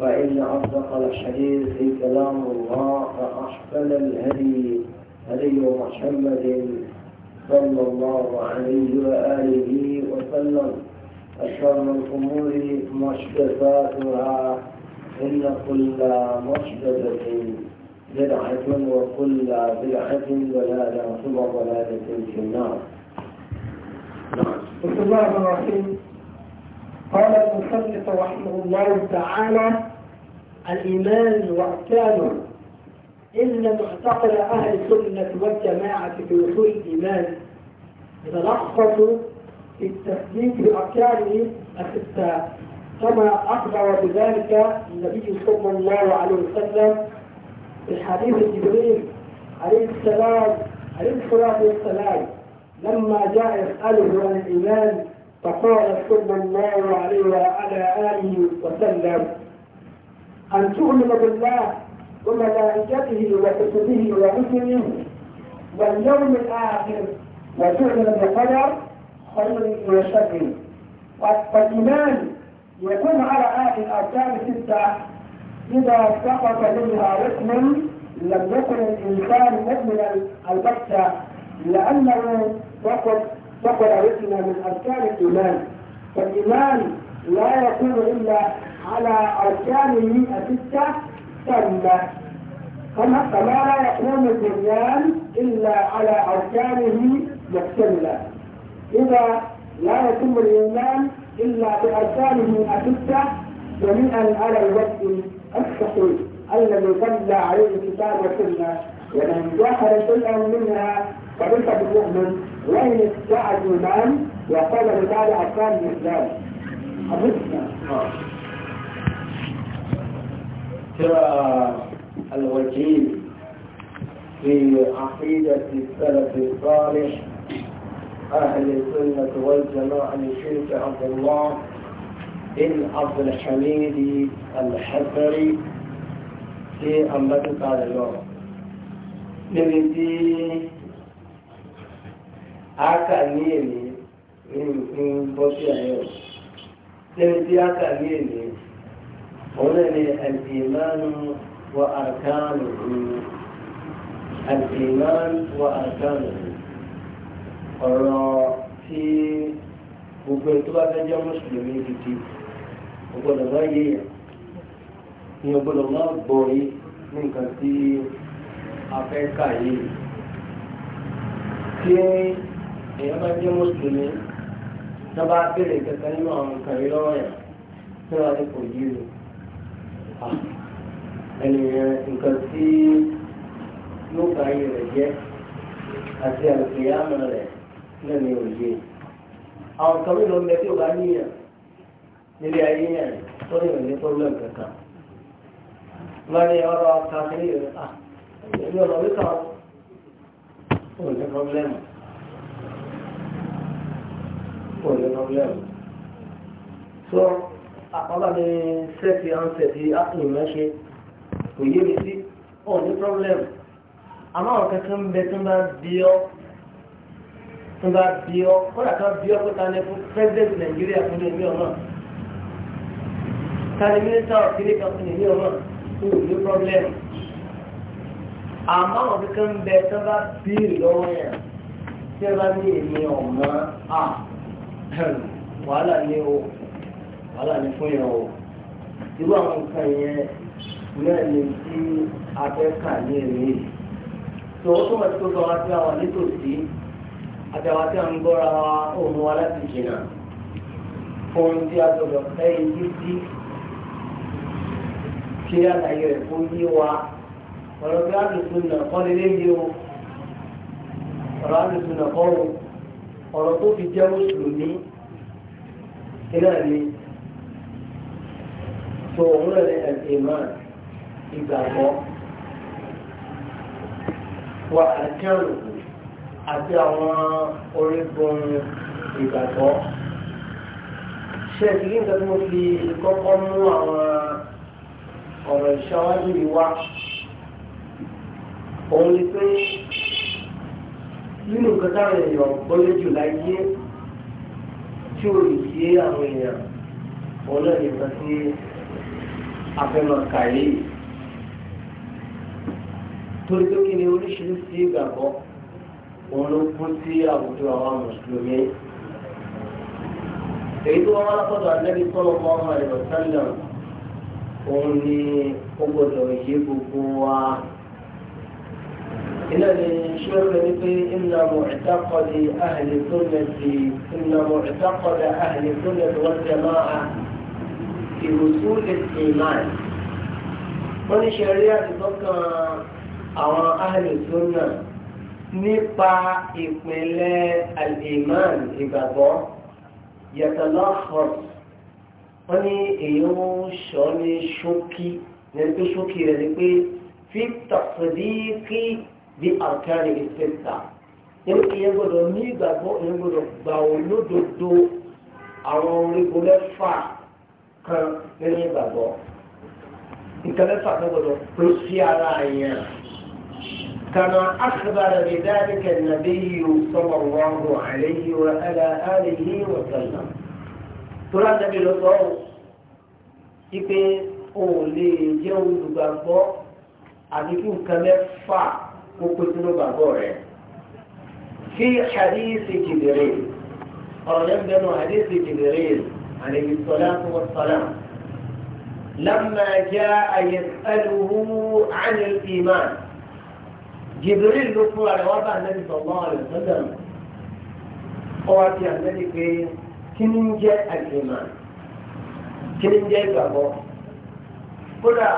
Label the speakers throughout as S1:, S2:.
S1: فإن أصدق الحديث كلام الله فأحسن الهدي هدي محمد صلى الله عليه وآله وسلم أشر الأمور محدثاتها إن كل محدثة بدعة وكل بدعة ضلالة ثم ضلالة في النار. بسم الله الرحمن الرحيم قال المصنف رحمه الله تعالى الإيمان وأركانه إن معتقد أهل السنة والجماعة في أصول الإيمان يتلخص في التثبيت بأركانه الستة كما أخبر بذلك النبي صلى الله عليه وسلم في حديث جبريل عليه السلام عليه الصلاة والسلام لما جاء يسأله عن الإيمان فقال صلى الله عليه وعلى آله وسلم أن تؤمن بالله وملائكته وكتبه ورسله واليوم الآخر وتؤمن بقدر خير وشر والإيمان يكون على هذه الأركان الستة إذا سقط منها ركن لم يكن الإنسان مؤمنا البتة لأنه فقد فقد ركن من أركان الإيمان فالإيمان لا يكون إلا على أركان المئة ستة تم فما لا يقوم البنيان إلا على أركانه مكتملة إذا لا يتم الإيمان إلا بأركانه الستة جميعا على الوجه الصحيح الذي دل عليه الكتاب والسنة ومن جحد شيئا منها فليس بمؤمن وإن ادعى الإيمان وقال بذلك أركان الإسلام حفظنا ترى الوكيل في عقيدة السلف الصالح أهل السنة والجماعة لشيخ عبد الله بن عبد الحميد الحسري في أمة قال اليوم أكا أكانيني من عيوش يوم أكا أكانيني هنا الإيمان وأركانه الإيمان وأركانه ọ̀rọ̀ tí gbogbo ètò bá fẹ́ jẹ́ mùsùlùmí gidi ọgbọ́dọ̀ bá yé yẹn ni ọgbọ́dọ̀ má gbọ́ yé ní nǹkan tí a fẹ́ kà yé tí èèyàn bá jẹ́ mùsùlùmí tó bá bèrè kankan nínú àwọn nǹkan yìí lọ́wọ́ yẹn tí wọ́n á ní kò yé o. Ah, ẹnìyàn nǹkan tí yóò bá ayé rẹ̀ jẹ́ àti àlùkìyàmọ̀ rẹ̀ náà ni òye àwọn kan ló mẹ tí o bá níyàn nílé ayé yàn tó ní ìrìn pọ́blẹ́m kankan wọ́n ní ọ̀rọ̀ ọ̀ka sí ìrìn à ìrìn ọ̀rọ̀ wíkà ó ní pọ́blẹ́mù ó ní pọ́blẹ́mù àpábá ni sẹ́ẹ̀tì ansẹ̀tì ápùnmọ́ ṣe kò yé mi sí ọ̀ ní problem àmọ́ àwọn kẹ́kẹ́ ń bẹ tó bá bí ọ́ tó bá bí ọ́ kódà tó bí ọ́ kó ta ní fún president Nàìjíríà fún ẹ̀mí ọ̀nà ta ni minister of kiri kan fún ẹ̀mí ọ̀nà kò ní problem àmọ́ àwọn kẹ́kẹ́ ń bẹ tó bá bí lọ́wọ́ yẹn tí ẹ bá ní èmi ọ̀nà wàhálà ni o wàhálà ní fún yẹn o irú àwọn nǹkan yẹn náà ni tí a fẹ́ kà ní èrè yìí tó o túmọ̀ sí gbogbo àwọn tí a wà nítòsí àtàwọn tí a ń gbọ́ra wa òun wa láti jìnnà fún tí a gbọdọ̀ fẹ́ yí sí kí àlàyé rẹ̀ kó yé wa ọ̀rọ̀ bí àdùsùn náà kọ́ lé léyìí o ọ̀rọ̀ àdùsùn náà kọ́ o ọ̀rọ̀ tó fi jẹ́ mùsùlùmí iná ni tó òun ní ẹ̀sìn máa ìgbàgbọ́ wa àjẹrò àti àwọn orígun ìgbàgbọ́ ṣe kí n tẹ́tí mo fi kọ́kọ́ mú àwọn ọ̀rọ̀ ìṣáwájú yìí wá òun ni pé nínú nǹkan táwọn èèyàn gbọ́lé jù láyé tí ò lè yé àwọn èèyàn òun náà lè gbà sí afẹ́mọ̀ọ́kà yìí torí pé kí ni oríṣiríṣi ìgbàgbọ́ òun ló kún sí àwùjọ àwọn mùsùlùmí èyí tó wọn lọ́kọ̀dọ̀ àlẹ́bí sọ́lọ́ fún ọmọ ẹ̀rọ sẹ́lẹ̀ òun ni ó gbọ́dọ̀ yé gbogbo wa. إلى الشر إن معتقد أهل السنة إن معتقد أهل السنة والجماعة ìrùsù ètò náà wọ́n ní ṣẹ̀rí àtìkọ́kàn àwọn àlùsùn náà nípa ìpínlẹ̀ al-iman ìgbàgbọ́ yàtọ̀lá hàn wọ́n ní èyí ń sọ ní ṣókí ní pé ṣókí rẹ̀ ni pé fi tàfídíkì bí àkàrí ìpẹ́ta ìyẹn gbọ́dọ̀ ní ìgbàgbọ́ ìyẹn gbọ́dọ̀ gbà ó lódodo àwọn orígun mẹ́fà kan nínú ìgbàgbọ́ nǹkan mẹ́fà tó gbọdọ̀ pé sí ara yẹn كما أخبر بذلك النبي صلى الله عليه وعلى آله وسلم ترى النبي لطول ipe o lè jẹ́ olùgbàgbọ́ àbí kí nǹkan mẹ́fà kó pé sínú gbàgbọ́ rẹ̀. fi hadithi Jibril ọ̀rọ̀ yẹn bẹnu hadithi Jibril عليه الصلاة والسلام لما جاء يسأله عن الإيمان جبريل لفوا على وضع النبي صلى الله عليه وسلم قواتي النبي في كن الإيمان كن جاء بابا كلا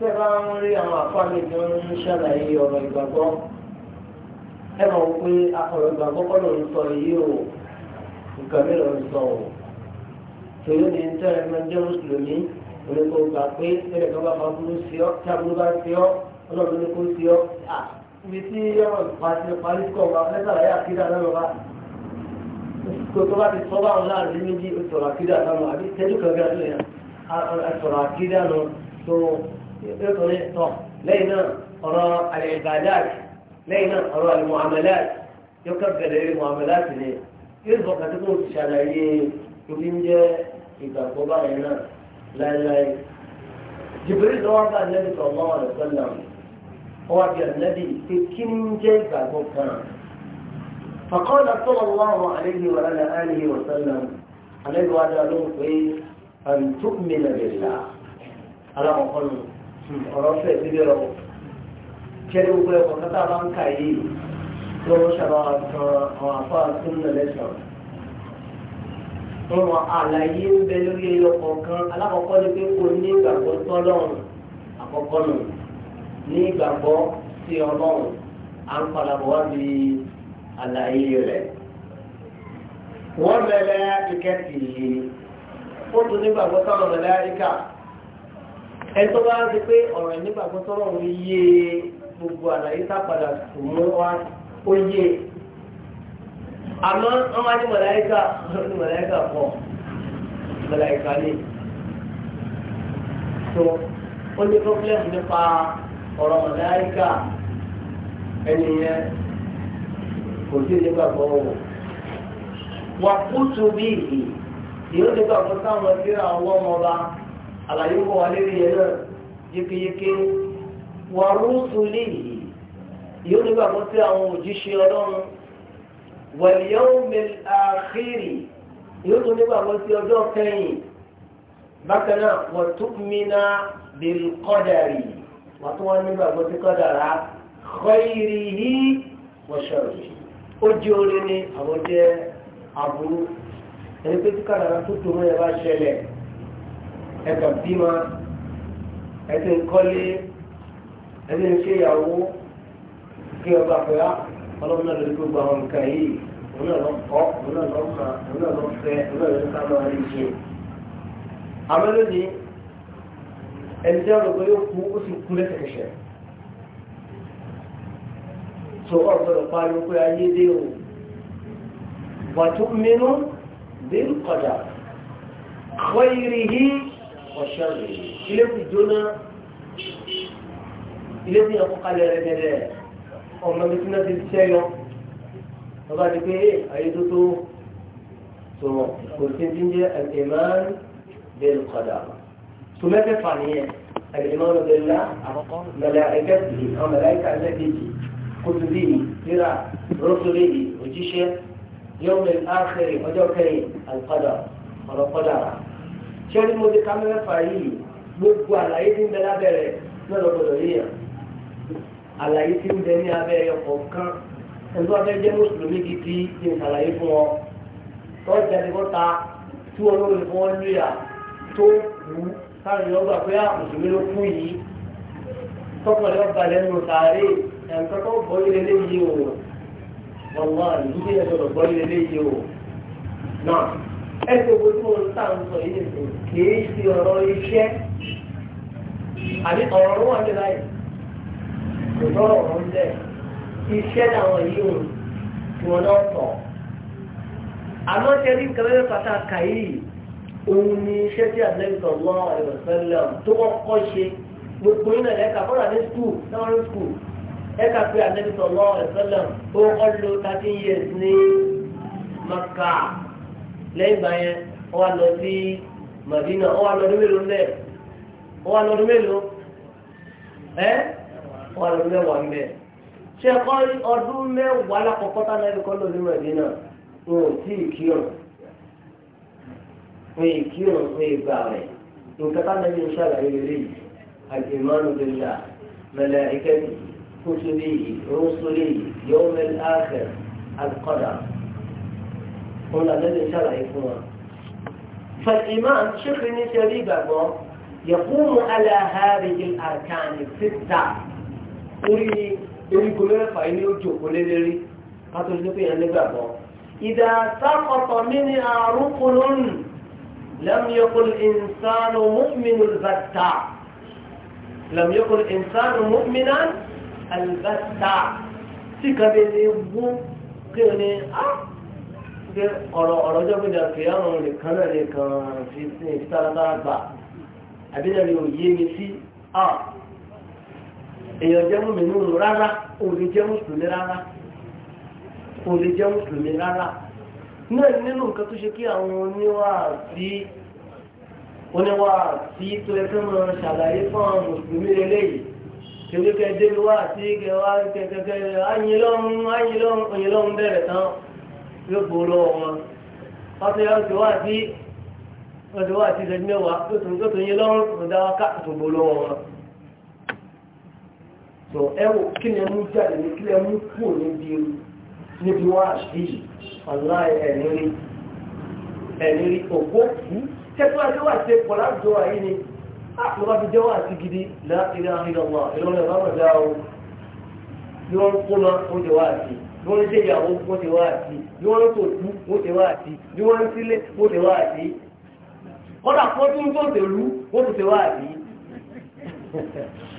S1: سيغان لي أما أفاني جون شلعي وما يبابا أما أقول أقول بابا قلوا نصريه وكملوا نصريه tòun ní tẹ́lẹ̀ máa jẹ́ mùsùlùmí oníkó gbà pé tẹ́lẹ̀ kan bá máa burú sí ọ tábúrú bá sí ọ ọlọ́run ní kó sí ọ ibi tí ọmọ ìpàṣẹ parí kọ̀ wá lẹ́sàlàyé àkídà náà wá kó tó bá ti sọ báwọn láàrin méjì ó sọ̀rọ̀ àkídà náà àbí tẹ́lú kan gbà tó yẹn sọ̀rọ̀ àkídà náà tó ẹ̀kọ́ni tọ̀ lẹ́yìn náà ọ̀rọ̀ àlẹ́gbàdáàtì lẹ́yìn náà ọ̀rọ̀ àlùmọ̀ àmàlẹ́ yóò kẹ́ bẹ̀rẹ̀ àlùmọ̀ àmàlẹ́ torí ń jẹ́ ìgbàgbọ́ báyìí náà láéláé jìbìrì lọ́wọ́ bá nẹ́bí sọ̀rọ̀ ọ̀rẹ́ sọ́lá ọwọ́ àbí ànẹ́bí pé kí ń jẹ́ ìgbàgbọ́ kan فقال صلى الله عليه وعلى آله وسلم عليه وعلى آله أن تؤمن بالله على أقل ọ̀rọ̀fẹ́ ìdíbẹ̀rọ̀ kẹ́lẹ́ gbogbo ẹ̀kọ́ kátà bá ń kà yìí tó ń ṣàbá àwọn àfáà tún nà lẹ́sàn wọn àlàyé ń bẹ lórí ẹyọ kọ̀ọ̀kan alákọ̀ọ́kọ́ ni pé kò ní ìgbàgbọ́ tọ́lọ́run àkọ́kọ́ nù ní ìgbàgbọ́ sí ọlọ́run à ń padà bọ̀ wá bí àlàyé rẹ̀. wọ́n mẹ́lẹ́ ìkẹ́kì yìí ó tún nígbàgbọ́ sọ́rọ̀ mẹ́lẹ́ àríkà ẹ tó bá ti pé ọ̀rọ̀ nígbàgbọ́ sọ́rọ̀ yé gbogbo àlàyé tá padà sùn mú wá ó yé àmọ́ wọ́n máa ní mọ̀láíkà wọ́n ní mọ̀láíkà pọ̀ mọ̀láíkà ní so ó ní problem nípa ọ̀rọ̀ mọ̀láíkà ẹni yẹn kò sí nígbàgbọ́ wò wà kútu bí ìhì yóò nígbàgbọ́ sáwọn síra ọwọ́ ọmọba àlàyé wọ̀ wá lérí yẹn náà yékéyéké wà rúùsù lè yìí yóò nígbàgbọ́ sí àwọn òjíṣẹ́ ọlọ́run واليوم yawm al-akhir yóò tún nígbà wọ́n sí ọjọ́ kẹyìn bákan náà wa tu'mina bil-qadari wọ́n tún wá nígbà wọ́n sí qadara khayrihi wa sharrihi ó jẹ́ orí ni àwọn ẹni pé tí kádàrá tó tó mọ́ ẹ bá ṣẹlẹ̀ ẹ̀ka bímọ ẹ̀sìn kọ́lé ẹ̀sìn ṣéyàwó kí ọba pẹ̀lú ọlọ́run náà lórí gbogbo àwọn nǹkan yìí òun náà lọ kọ́ òun náà lọ mà òun náà lọ fẹ́ òun náà lọ ká máa rí ṣe. àmọ́ lónìí ẹni tí wọ́n lọ pé yóò kú ó sì kú lẹ́sẹ̀kẹsẹ̀. tó ọ̀ gbọ́dọ̀ pariwo pé ayé dé o wà tó mínú dé kọjá wọ́n yìí rí ọ̀ṣẹ́ rẹ̀ ilé kù jóná ilé kù yẹ kó kalẹ̀ rẹ̀ gẹ́gẹ́ ọmọ ibi tí wọ́n ti ṣiṣẹ́ yọ wọ́n bá di pé ayé tó tó tó kò sí ti ń jẹ́ al-iman bil-qadar tó mẹ́fẹ̀ẹ́fà nìyẹn al-iman billah mẹlẹ́ẹ̀kẹ́ sí àwọn mẹlẹ́ẹ̀kẹ́ àlẹ́kẹ́jì kutubihi tírà rusulihi òjíṣẹ́ yawm al-akhir ọjọ́ kẹyìn al-qadar ọ̀rọ̀ qadara ṣé ni mo ti ká mẹ́fẹ̀ẹ́fà yìí gbogbo àlàyé ti ń bẹ lábẹ́rẹ̀ lọ́dọ̀ gbọdọ̀ àlàyé tí ó bẹ ní abẹ́ ẹyọ kọ̀ọ̀kan ẹni tó bá fẹ́ jẹ́ mùsùlùmí gidi ní ìsàlàyé fún wọn tọ́jú jáde kọ́ta tí wọn lóore fún wọn lóyà tó wù káàrin lọ gbà pé àmùsùlùmí ah, ló kú yìí tọkànlẹ́ ọba lẹ́nu sàárè ẹ̀ǹkan tó bọ́ ilé léyìí o wàlúwà ìdílé ẹ̀ sọ̀rọ̀ bọ́ ilé léyìí o náà ẹ̀sìn owó tí wọ́n tà ń sọ yìí nìkan kì í ṣe ọ̀rọ̀ iṣẹ́ àbí ọ̀rọ̀ ló wà ní kò lọ́rọ̀ wọn bẹ́ẹ̀ iṣẹ́ làwọn yìí ò tí wọ́n náà tọ̀ àmọ́ ṣe rí nǹkan mẹ́fẹ́ pàtàkì yìí òun ni iṣẹ́ tí àtẹ́lẹ́sọ̀ lọ ẹ̀rọ̀sẹ́lẹ̀ tó kọ́kọ́ ṣe gbogbo iná ẹ̀ka fọ́nà ní skul náwọn skul ẹ̀ka pé àtẹ́lẹ́sọ̀ lọ ẹ̀rọ̀sẹ́lẹ̀ ó kọ́ lo thirteen years ní Maka lẹ́yìn ìgbà yẹn wọ́n wá lọ sí Madina wọ́n wá lọ ọdún mélòó mẹ́ẹ̀ wọ́n wá lọ ọdún mélòó ẹ́ wọ́n lọ mẹ́wàá ń bẹ̀. ṣé kọ́ ọdún mẹ́wàá lákòókò tá náà kọ́ lórí Mẹdínà wọn ò tí ì kírun wọn ì kírun wọn ì gbà rẹ̀ nǹkan tá náà ń ṣàlàyé lórí yìí àgbẹ̀mánu bẹ̀rẹ̀ mẹlẹ̀ ìkẹ́kì kùtùbí rúṣùlì yọ̀ọ́mẹ́lì áàkẹ́ àkọ́dà wọn là lẹ́nu ṣàlàyé fún wa. فالإيمان شكل نسبي بابو يقوم على هذه الأركان الستة orí eríko mẹ́fà ilé ó jòkó lélẹ́rí kátó ní pé yẹn nígbàgbọ́. ìdá sáfọ̀tọ̀ mi ni àrùn kolónù lẹ́mìíkùn ìnsánù mọ́mìnú bàtà lẹ́mìíkùn ìnsánù mọ́mìnà àlùbàtà tí kàbí ní wú kí ni á pé ọ̀rọ̀ ọ̀rọ̀ ọjọ́ gbọ́dọ̀ kì í ọ̀rùn nìkan náà nìkan fi sí ìfitáradára gbà àbí ni ò yé mi sí á èèyàn jẹ́ mùsùlùmí rárá ò lè jẹ́ mùsùlùmí rárá ò lè jẹ́ mùsùlùmí rárá náà nínú nǹkan tó ṣe kí àwọn oníwàásí oníwàásí tó ẹgbẹ́ mọ́ ṣàlàyé fún àwọn mùsùlùmí eléyìí tẹ̀lé kẹ́ dé wá sí kẹwàá kẹ́kẹ́kẹ́ ayinlọ́run ayinlọ́run ayinlọ́run bẹ̀rẹ̀ tán yóò gbòòrò wọn pátá yóò ti wá sí wọ́n ti tó tún yín dá wákàtí tó wọn so ẹwọ kí ni ẹmú jáde ní kí ni ẹmú kú níbi níbi wá àbí ọ̀nà ẹ̀nírí ẹ̀nírí òkú tẹ́tọ́ ẹjọ́ wà ṣe pọ̀ láwùjọ wà yìí ni ló bá fi jẹ́ wà sí gidi láìlera ìlọ́wọ́ ìlọ́run ẹ̀rọ ọ̀dà o ló ń kó lọ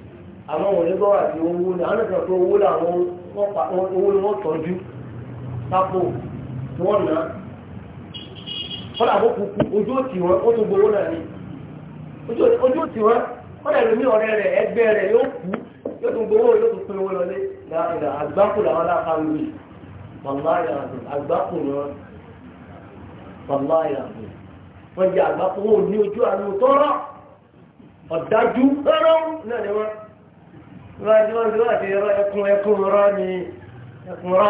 S1: àwọn onígbọ́ àti owó ni àwọn nìkan tó owó làwọn owó ni wọ́n tọ́jú sápò tí wọ́n ná kọ́lá àwọn kùkù ojú òtì wọn ó tó gbowó náà ni ojú òtì wọn kọ́lá ẹlòmí ọ̀rẹ́ rẹ̀ ẹgbẹ́ rẹ̀ yóò kú yóò tó gbowó yóò tó pin owó lọlé àgbákò làwọn aláfáàlú yìí màmá yàrá àgbákò ni wọn màmá yàrá wọn jẹ àgbákò wọn ò ní ojú rájúwájú àti ẹkùn ẹkùn rá ni ẹkùn rá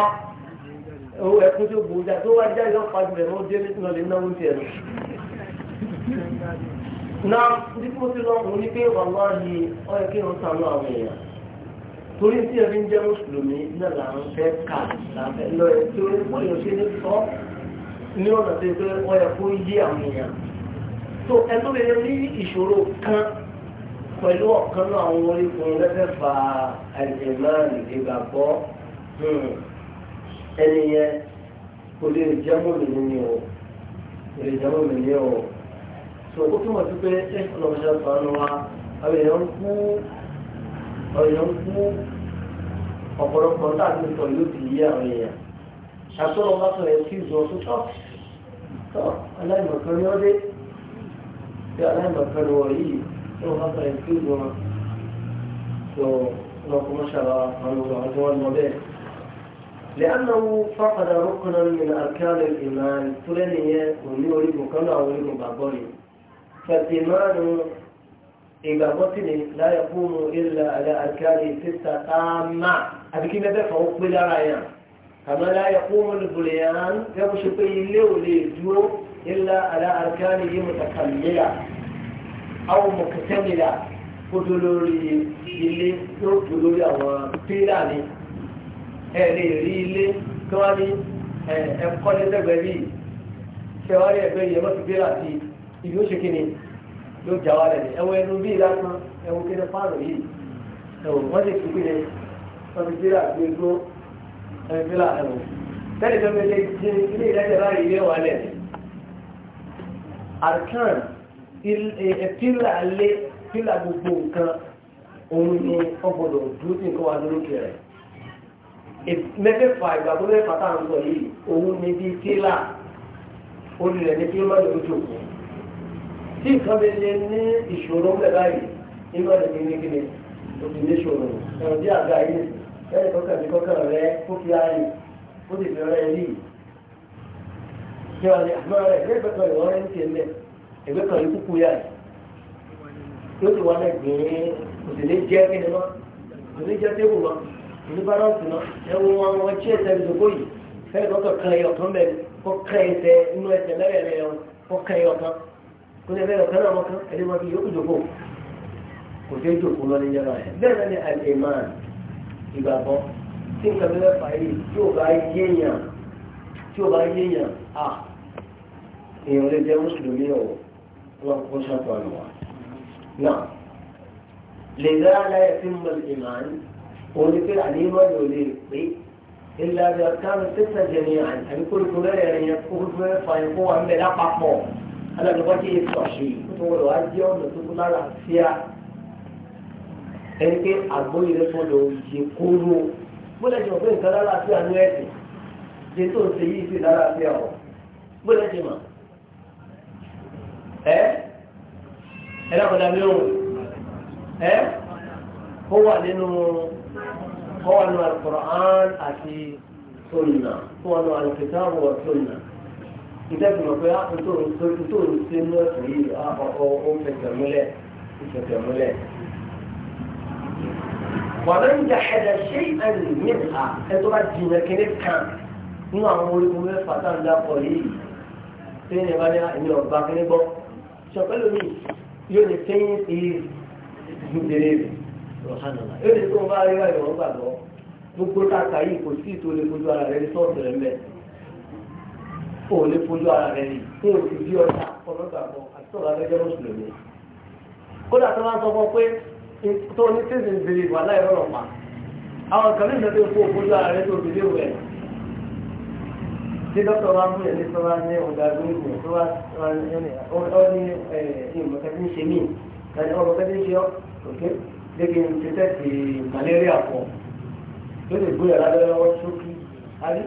S1: ẹkùn tó bù dá tó wá já ìlọ́ pàdé rẹ̀ mọ́ dé nítorí lè náwó tiẹ̀ lọ. na dípò tí lọ mo ní pé wàhálà yìí ọ yẹ kí n sànú àwọn èèyàn torí tí ẹbí ń jẹ́ mùsùlùmí náà là ń fẹ́ kà láfẹ́ lọ ẹ̀ tó ń pọ̀ yọ̀ ṣe ní sọ ní ọ̀nà tó yẹ kó yé àwọn èèyàn. tó ẹ tó lè ní ìṣòro kan pẹ̀lú ọ̀kan náà àwọn orígun mẹ́fẹ̀ẹ̀fà àìjẹ̀mọ́rì ìgbàgbọ́ hmm. ẹni yẹn kò lè jẹ́ mọ́mìnì ni o kò lè jẹ́ mọ́mìnì o so ó túmọ̀ sí pé ẹ̀sìn ọ̀ṣẹ́ sọ̀rọ̀ wa àwọn èèyàn ń kú àwọn èèyàn ń kú ọ̀pọ̀lọpọ̀ láti sọ yóò ti yé àwọn èèyàn ṣàtọ́lọ́ bá sọ yẹn kí ìzọ tó tọ́ aláìmọ̀kan ni wọ́n dé tí aláìmọ̀kan ni wọ́n tí wọ́n bá sọ ìfú wọn tó lọ kó لأنه فقد ركنا من أركان الإيمان فلنية ونوري مكانا ونوري مبابولي فالإيمان إجابتني لا يكون إلا على أركان ستة تامة هذا كما دفعوا قبل رأيان كما لا يقوم البليان يبشط يلو ليجو إلا على أركانه متكملة àwọn mọ̀kẹ́tẹ́mìlà kótó lórí ilé tó kó lórí àwọn pílà ni ẹ lè rí ilé tí wọ́n ní ẹ̀kọ́ ní lẹ́gbẹ̀ẹ́ bíi ṣé wọ́n rí ẹgbẹ́ yìí ẹ mọ̀tò pílà sí ibi ó ṣe kí ni ló jà wá lẹ́nu ẹ̀wọ̀n ẹnu bíi lásán ẹ̀wọ̀n kí ni fáànù yìí ẹ̀wọ̀n wọ́n sì fi pílà gbé ẹ̀wọ̀n pílà ẹ̀wọ̀n tẹ́lẹ̀ tó lè ṣe ilé ìdájọ́ pílà lé pílà gbogbo nǹkan òun ni ọgbọ̀dọ̀ dúró sí nǹkan wà lórókè rẹ̀ mẹ́fẹ̀fà ìgbàgbọ́ mẹ́fà tá à ń sọ yìí òun ni bí pílà orí rẹ̀ ní kí ó má lè ojú òkú tí nǹkan bẹ lé ní ìṣòro ń bẹ báyìí nígbà tó ní kíni òtù ní ìṣòro ẹ̀rọ bí àga yìí lẹ́yìn kọ́kàn bí kọ́kàn rẹ̀ ó fi ààyè ó sì fi rẹ̀ rí kí wọ́n lè àmọ́ rẹ̀ lẹ́gbẹ̀ẹ́ ẹgbẹ́ kan yóò kúkú yá ẹ̀ yóò ti wá náà gbìn ín òsèlè jẹ́ kíni mọ́ òsèlè jẹ́ tébù mọ́ òní balance mọ́ ẹ wo wọn wọn tí ẹsẹ̀ ẹ̀dùn kó yìí fẹ́ẹ́ kọ́ kàn yọ kan bẹ́ẹ̀ kọ́ kàn ẹsẹ̀ inú ẹsẹ̀ lẹ́rẹ̀ẹ́rẹ́ yẹn kọ́ kàn yọ kan kó lè fẹ́ẹ́ kan náà wọ́n kan ẹni wọn kì yóò jòkó kò dé jòkó lọ níjẹ́ báyìí bẹ́ẹ̀ náà ni àlèmán ìgbàgbọ́ tí nǹkan bí wọ́n fà yìí tí ò bá yéèyàn tí ò bá yéèyàn à èèyàn lè jẹ́ mùsùlùmí ọ̀wọ́ ọlọ́pọ̀ ṣàtọ̀nù wa. náà lè dá aláyẹ̀fí mọ̀ ìmàn òní pé àníwọ̀n yóò lè pé ilẹ̀ àti àkáàmì tẹ́tà jẹ̀mí àti kórìkò mẹ́rẹ̀ẹ̀rin yẹn kó fẹ́ fa ẹ̀kọ́ wa ń bẹ̀ lápapọ̀ alágbèbọ́ tí yẹn sọ̀ṣì tó wọ́n lọ wá jẹ́ ọ̀nà tó kú lára fíà ẹni pé àgbóyèrè fọdọ̀ yẹ ẹ́ ẹ̀dàkọ̀dà mìíràn ẹ́ ó wà nínú ó wà nínú alukur'an àti sunna ó wà nínú alukitabu wa sunna ìtẹ́kùn mọ̀ pé nítorí sí inú ẹ̀sìn yìí ah, ó fẹsẹ̀ múlẹ̀ fẹsẹ̀ múlẹ̀. ومن جحد شيئا منها ẹ̀tọ́ bá jìnnà kínní kan nínú àwọn orígun mẹ́fà tá à ń dápọ̀ yìí tí bá ní ẹni ah, ọ̀gbà gbọ́ ṣọ̀pẹ́lú mi yóò ní tẹ́yìn ìrì ìdèrè rẹ̀ lọ́hánàlá yóò ní tó ń bá rí wáyé wọn gbàgbọ́ gbogbo táàkà yìí kò sí ìtò lè fojú ara rẹ̀ ní sọ́ọ̀tù rẹ̀ mẹ́ ò lè fojú ara rẹ̀ ní kó o ti bí ọjà ọlọ́gbàgbọ́ àti sọ̀rọ̀ abẹ́jẹ́ mùsùlùmí kódà tó máa ń sọ fún ọ pé tó ní tẹ́sí ìbèrè ìwà láì rọrùn ṣé dókítà wa fún yẹn ní sọ wá ní ọ̀gá gómìnà tó wá ọ ní ìmọ̀kẹ́tì ń ṣe mí láti ọmọkẹ́tì ń ṣe ọ́ òkè lẹ́gbẹ̀ẹ́ ń ṣe tẹ̀sí malaria pọ̀ tó lè gbé ọ̀rá lọ́wọ́ sókè àbí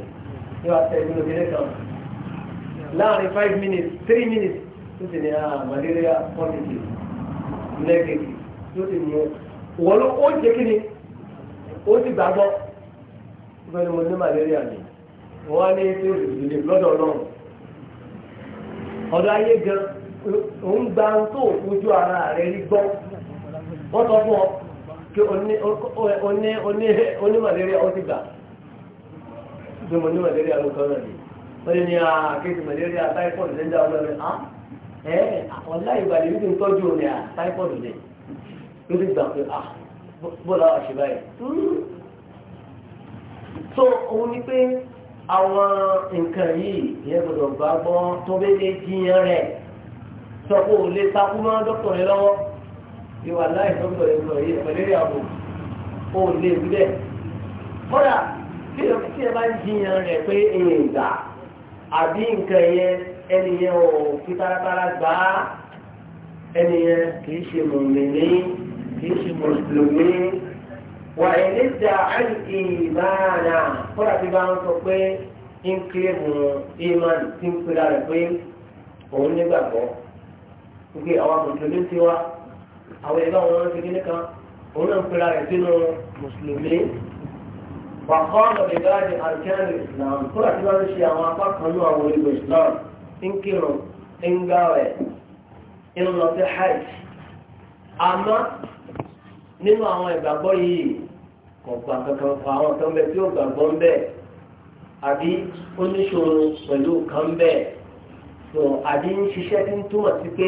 S1: ní wàá tẹ̀ ìgbìmọ̀ kẹ́lẹ́ kan láàrin five minutes three minutes tó ti ní ah, malaria positive negative tó ti ní wọ́n ló ó ń ṣe kí ni ó ti gbàgbọ́ ìgbẹ́ni mo ní malaria ni wọ́n ní tí olùdílé lọ́dọ̀ náà ọ̀dọ̀ ayé gan òun gba ohun tó ojú ara rẹ̀ rí gbọ́ wọ́n sọ fún ọ kí onímọ̀lẹ́rẹ́ ọ ti gbà bí mo ní mọ̀lẹ́rẹ́ náà ni wọ́n lè ní àkéjì mọ̀lẹ́rẹ́ àtàìpọ̀lù lẹ́jà ọlọ́rẹ́ á ẹ̀ ọ̀la ìgbàlè yìí ti ń tọ́jú òun ní àtàìpọ̀lù lẹ́ ló ti gbà pé à bọ́ọ̀lù àwọn àṣìbáyé. so òun ni pé àwọn nǹkan yìí ìyẹn gbọdọ̀ bá gbọ́ tó bẹ́ lè jiyàn rẹ̀ sọ pé ò lè takú mọ́ dókítà rẹ lọ́wọ́ ìwà láì dókítà rẹ sọ yìí pẹ̀lẹ́rì àbò ò lè wúlẹ̀. kódà tí ẹ tí ẹ bá ń jiyàn rẹ̀ pé èèyàn gbà àbí nǹkan yẹn ẹni yẹn ò fi táratára gbà á ẹni yẹn kì í ṣe mọ̀mìnì kì í ṣe mùsùlùmí. Wa ادعى الإيمان فلا تبان تقول إن كلم إيمان تنقل على قيم òun nígbàgbọ́ wípé àwọn mùsùlùmí ti wá àwọn ìlú àwọn ọmọ kékeré kan òun náà ń pera rẹ̀ sínú mùsùlùmí wà kọ́ ọ̀dọ̀ ìdájí àrùkẹ́rì islam kúrò àti wọ́n ṣe àwọn apá kan ní àwọn olùgbò islam ń kírun ń gbá rẹ̀ ń lọ sí hajj kọ̀ọ̀kan kankan fún àwọn kan bẹ tí ó gbàgbọ́ ń bẹ̀ àbí ó níṣòro pẹ̀lú kan bẹ̀ tó àbí ń ṣiṣẹ́ tí ń túmọ̀ sí pé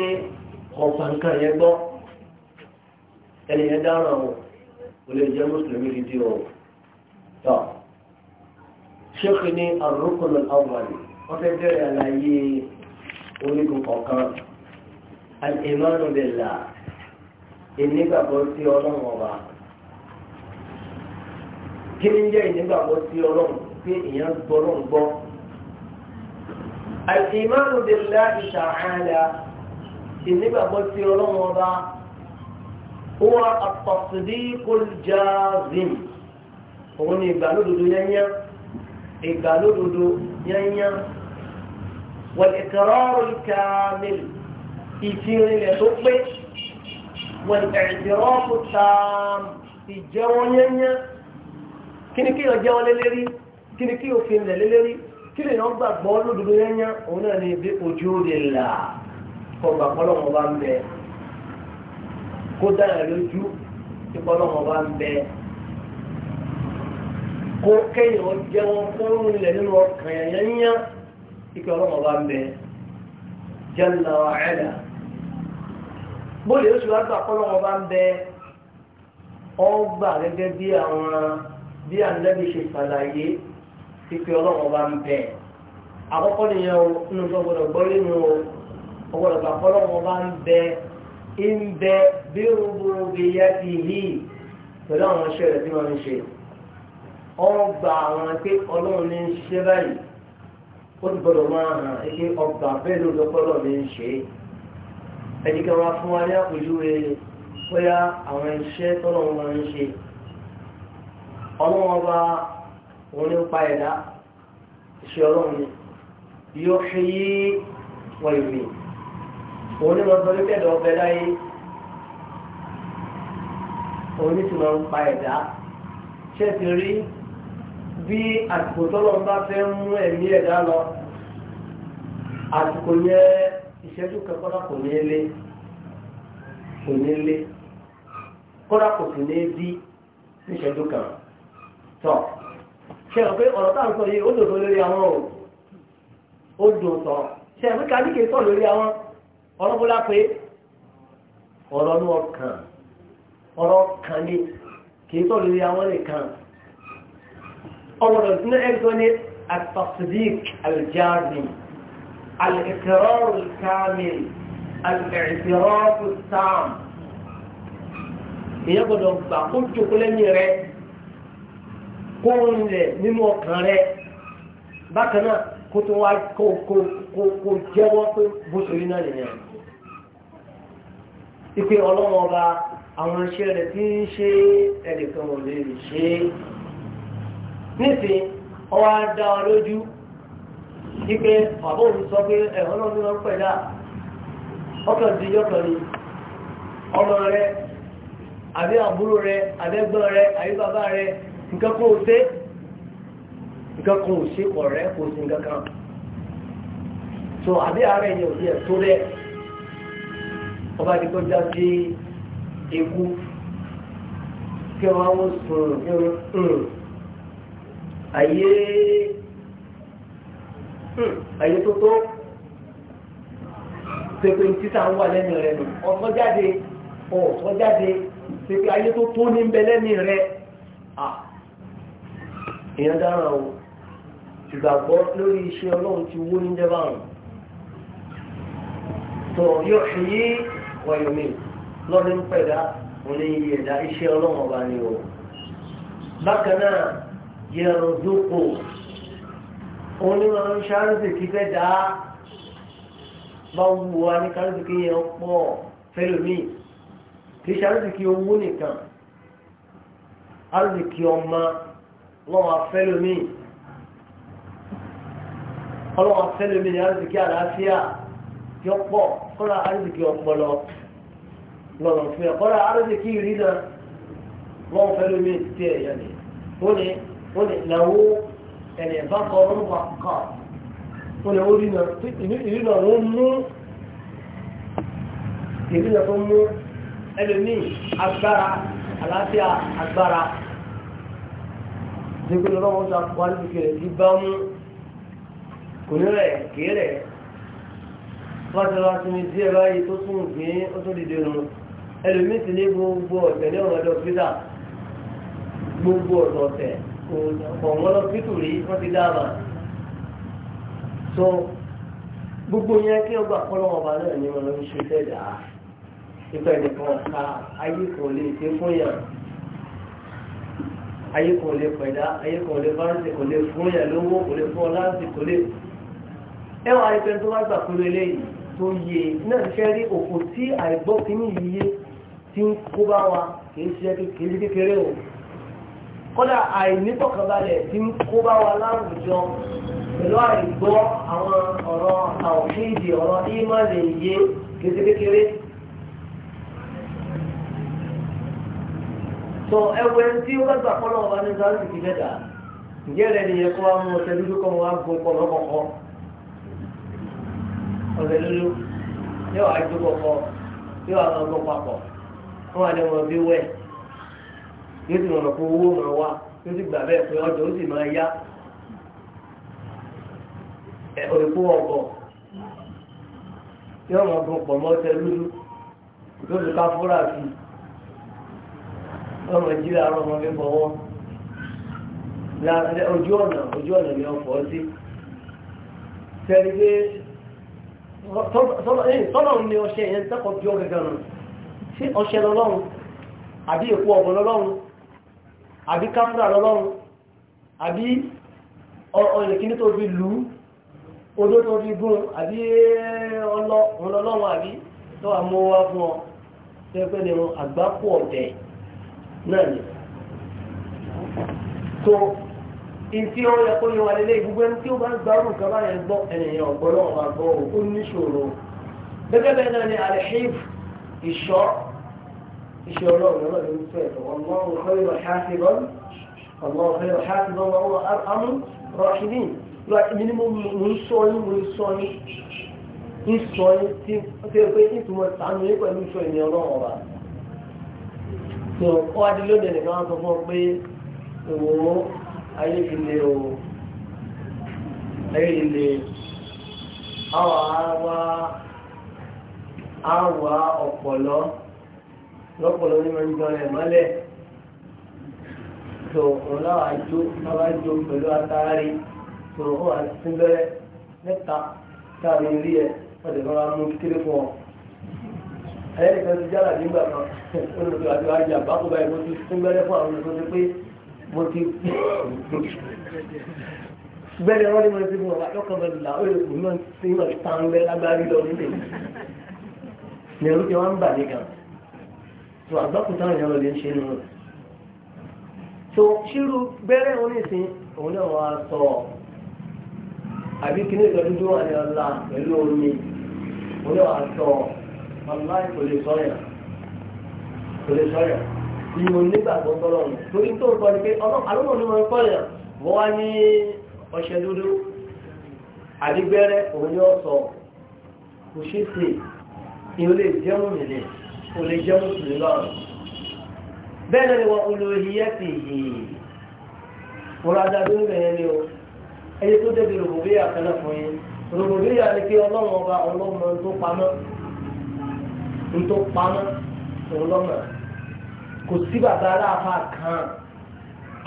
S1: kọ̀ọ̀kan kan yẹn gbọ́ ẹni yẹn dáràn o kò lè jẹ́ mùsùlùmí gidi o tọ́ ṣéèkì ní ar-rukn al wọ́n fẹ́ bẹ̀rẹ̀ àlàyé onígun kọ̀ọ̀kan al-imanu billah ìnígbàgbọ́ sí ọlọ́run ọba kí ni jẹ́ ìnígbàgbọ́ sí ọlọ́run pé èèyàn gbọ́ ọlọ́run gbọ́. àìsímánu de la ìṣàhánilá ìnígbàgbọ́ sí ọlọ́run ọba wọ́n àtọ̀sídì kọljáàzìm òun ni ìgbàlódodo yányá ìgbàlódodo yányá wọ́n ìkàrọ̀rù kàmìl ìfìrìnlẹ̀ tó pé wọ́n ìtẹ̀rọ̀ tó tààm ìjẹ́wọ́ yányá kí ni kí yọ jẹ́ wọlé lérí kí ni kí òfin rẹ̀ lélérí kí lè yàn gbàgbọ́ lódodo yẹnyẹn òun náà ní ibi ojú òde là kọ gbàgbọ́ lọ́wọ́ bá ń bẹ kó dára lójú ìgbọ́ lọ́wọ́ bá ń bẹ kó kéèyàn jẹ́ wọn kó rinlẹ̀ nínú ọkàn yẹnyẹn ìgbọ́ lọ́wọ́ bá ń bẹ jalla wa ala bóyá oṣù àgbà kọ́ lọ́wọ́ bá ń bẹ ọgbà gẹ́gẹ́ bí àwọn bí ànábì ṣe ṣàlàyé fífi ọlọ́wọ́n bá ń bẹ̀. àkọ́kọ́ nìyẹn o nínú tó gbọdọ̀ gbọ́ nínú o ọgbọdọ̀ gbà fọlọ́wọ́n bá ń bẹ ń bẹ bí rúbú ìyá ti hì pẹ̀lú àwọn iṣẹ́ rẹ̀ tí wọ́n ń ṣe. ọgbà àwọn pé ọlọ́run ní ń ṣe báyìí ó ti gbọdọ̀ máa hàn pé ọgbà bẹ́ẹ̀ ló lọ́pọ̀lọ́ ní ń ṣe. ẹ̀dí kan wá fún wa ní àpèjúwe bóyá àwọn iṣẹ́ tọ́lọ́run máa ń ṣe ọlọ́wọ́n bá wọn ń pa ẹ̀dá iṣẹ́ ọlọ́run ni yóò ṣe yí wọ ìmì òun ní wọn sọ ní kẹ́dọ̀ ọbẹ̀ láyé òun ní tí wọn ń pa ẹ̀dá ṣé ti rí bí àsìkò tọ́lọ́ bá fẹ́ mú ẹ̀mí ẹ̀dá lọ àsìkò yẹn ìṣẹ́jú kẹ́kọ́dá kò ní lé kò ní lé kọ́dá kò sì ní bí ní kan tọ̀ ṣe rò pé ọ̀rọ̀ táà ń sọ yìí ó dòdò lórí àwọn o ó dùn sọ ṣe rò pé kàdíkè sọ lórí àwọn ọlọ́bólá pé ọ̀rọ̀ ní ọkàn ọ̀rọ̀ kan ní kì í sọ lórí àwọn nìkan ọmọdé sínú ẹgbẹ́ ní التصديق الجازم الإقرار الكامل الاعتراف التام ìyẹn gbọ́dọ̀ gbà kó jókòó lẹ́yìn rẹ̀ kó rinlẹ̀ nínú ọkàn rẹ bákan náà kó tó wá kó kó pé bó ṣe náà ọba àwọn iṣẹ́ rẹ̀ tí ń ṣe ẹnìkan ò lè ṣe é nísìnyí ọwọ́ ọ lójú wípé bàbá òun sọ pé ẹ̀họ́n náà ní ọkàn ni ọmọ rẹ àbí àbúrò rẹ àbẹ́gbọ́n rẹ nǹkan kan ò ṣe nǹkan kan ò ṣe ọ̀rẹ́ kò sí nǹkan kan so àbí ààrẹ yẹn ò sí ẹ̀ tó rẹ̀ ọba ti kọ́ já sí ikú kí wọ́n wọ́n sùn ń ayé hmm, ayé tó tó pépé títà ń wà lẹ́nu rẹ̀ nù ọ̀sán jáde ọ̀sán jáde pépé ayé tó tó ní ń bẹ lẹ́nu rẹ̀ ah èèyàn dáràn o ìgbàgbọ́ lórí iṣẹ́ ọlọ́run ti wó ní jẹ́bà rùn tó yóò ṣe yí wọ̀nyọ̀mí lọ́dún ń pẹ̀dá òní iye ẹ̀dá iṣẹ́ ọlọ́run ọba ni o bákan náà yẹ̀rùn dúpọ̀ òun ni wọn ń ṣáàrùsì kí fẹ́ dá bá wù wá ní káàrùsì kí yẹn pọ̀ fẹ́lòmí kì ṣáàrùsì kí owó nìkan àrùsì kí ọmọ wọ́n wá fẹ́ lómi ọlọ́wọ́ fẹ́ lómi ní àrísìkí àlàáfíà tí ó pọ̀ kọ́ra àrísìkí ọpọlọ lọ́nà fún ẹ kọ́ra àrísìkí ìrìnà wọ́n fẹ́ lómi tí ẹ̀ yẹn ni ó ní ó ní ìnáwó ẹ̀nì ẹ̀bá kan ló ń wà kọ́ ó ní ìrìnà ìrìnà ló ń mú ìrìnà tó ń mú ẹlòmíì agbára àlàáfíà agbára nígbà tó lọ́wọ́ sá wá níbi kí rẹ̀ ti bá mú kò ní rẹ̀ kéré fásitì láti ní díẹ̀ báyìí tó tún gbé ó tó dìde nù ẹlòmíì ti ní gbogbo ọ̀sẹ̀ ní ọ̀rọ̀ dókítà gbogbo ọ̀sọ̀ọ̀sẹ̀ ọ̀wọ́n dókítù rí wọ́n ti dáàbà so gbogbo yẹn kí ọgbà kọ́lọ́wọ́ ọba náà ní wọn ló ń ṣe fẹ́ dà á ìfẹ́ nìkan ká ayé kò lè ṣe fún yàn ayé kò lè pẹ̀dá ayé kò lè fáńsì kò lè fún yà lówó kò lè fún ọláńsì kò lè ẹwà ìfẹ́ tó bá gbà kúrò eléyìí tó yé náà ṣẹ́ rí òkú tí àìgbọ́ kìíní yíyé tí ń kó bá wa kìí ṣe kékeré o kódà àìníkọ̀kànbalẹ̀ tí ń kó bá wa láwùjọ pẹ̀lú àìgbọ́ àwọn ọ̀rọ̀ àwòkéèdè ọ̀rọ̀ ìmọ̀lẹ̀ yíyé kékeré tó ẹwẹ́ tí ó gbàgbà fọlọ́ ọba ní sáré ti mẹ́ta ǹjẹ́ rẹ̀ nìyẹn kó wa mú ọ̀sẹ̀ dúdú kọ́ wa gun kọ́ lọ́kọ̀ọ́kọ́ ọ̀sẹ̀ dúdú yóò wá dúkọ̀ kọ́ ní wọn bí yóò ti kó owó mọ̀ wá yóò ti gbà bẹ́ẹ̀ pé ọjọ́ ó sì máa yá ọ̀gọ̀ yóò mọ̀ pọ̀ mọ́ fúra sí i. ọmọ jíra ọ̀rọ̀ ọmọ mi bọ̀wọ́ ojú ọ̀nà ojú ọ̀nà ni ọ̀fọ̀ sí tẹ́lẹ̀ pé tọ́lọ́run ni ọṣẹ yẹn tẹ́kọ̀ọ́ bí ọ̀gẹ̀gẹ̀ rẹ̀ sí ọṣẹ lọ́lọ́run àbí èkó ọ̀bọ̀ lọ́lọ́run àbí kámúrà lọ́lọ́run àbí ọ̀rẹ̀kíní tó fi lù ú odó tó fi gún àbí ọlọ́run àbí tó àmọ́ wá fún ọ tẹ́pẹ́ ni àgbákò ọ̀dẹ̀ náà ni so ìtí ó yẹ kó yẹ wà lélẹ́yìn gbogbo ẹni tí ó bá ń gba ọdún kan báyẹn gbọ́ ẹnìyàn ọ̀gbọ́n náà máa gbọ́ ó níṣòro gẹ́gẹ́ bẹ́ẹ̀ náà ni alhif ìṣọ́ ìṣọ́ ọlọ́run náà ló ń fẹ́ ọlọ́run kọ́yọ̀ ọlọ́run kọ́yọ̀ ṣáṣìbọ́n ọlọ́run tó ọ wá di lóde nìkan wọn sọ fún ọ pé òwò ayé ilé o ayé ilé àwọn àwa àwa ọ̀pọ̀lọ́ lọ́pọ̀lọ́ ní mẹ́rin jọ rẹ̀ mọ́lẹ̀ tó òun láwọn àjò láwọn àjò pẹ̀lú atari tó òun àti síbẹ̀rẹ̀ mẹ́ta táwọn rí ẹ wọ́n ti fọwọ́ mú kéré fún ọ ẹ̀yẹ́ kan ti jára nígbà kan olùdókòwò àti wájú àbákò báyìí mo ti fún gbẹ́rẹ́ fún àwọn olùdókòwò pé mo ti gbẹ́rẹ́ wọ́n ní mo ti fún ọ̀la lọ́kàn bẹ́ẹ̀ là ó lè kù náà sí ìwà ìtànlẹ́ lágbárí lọ nílé ní orúkẹ wọn ń bà nígà tó àgbákò táwọn èèyàn lọ lè ń ṣe nínú rẹ̀ tó ṣírú gbẹ́rẹ́ wọn ní ìsìn òun náà wà sọ àbí kíní ìtọ́jú tó wà ní ọlá wàláì kò lè sọ́yà kò lè sọ́yà ìmọ̀ nígbàgbọ́ tọ́lọ́run torí tó sọ ni pé alọ́nà ni wọ́n kọ́yà wọ́n wá ní ọṣẹ dúdú àdígbẹ́rẹ́ òun yóò sọ kò ṣe é ṣe ìyẹn lè jẹun nìlẹ̀ kò lè jẹun sí lọ́rùn bẹ́ẹ̀ ni wọ́n olóhìyẹ́ ti yìí wọ́n adájọ́ ìbẹ̀yẹn ni o ẹyẹ tó débi rògbòbíyà kan náà fún yín rògbòbíyà ni pé ọlọ́run ọba ọlọ́run tó pamọ́ ń tó pamọ́ òun lọ́mọ kò sí bàbá aláàfà kan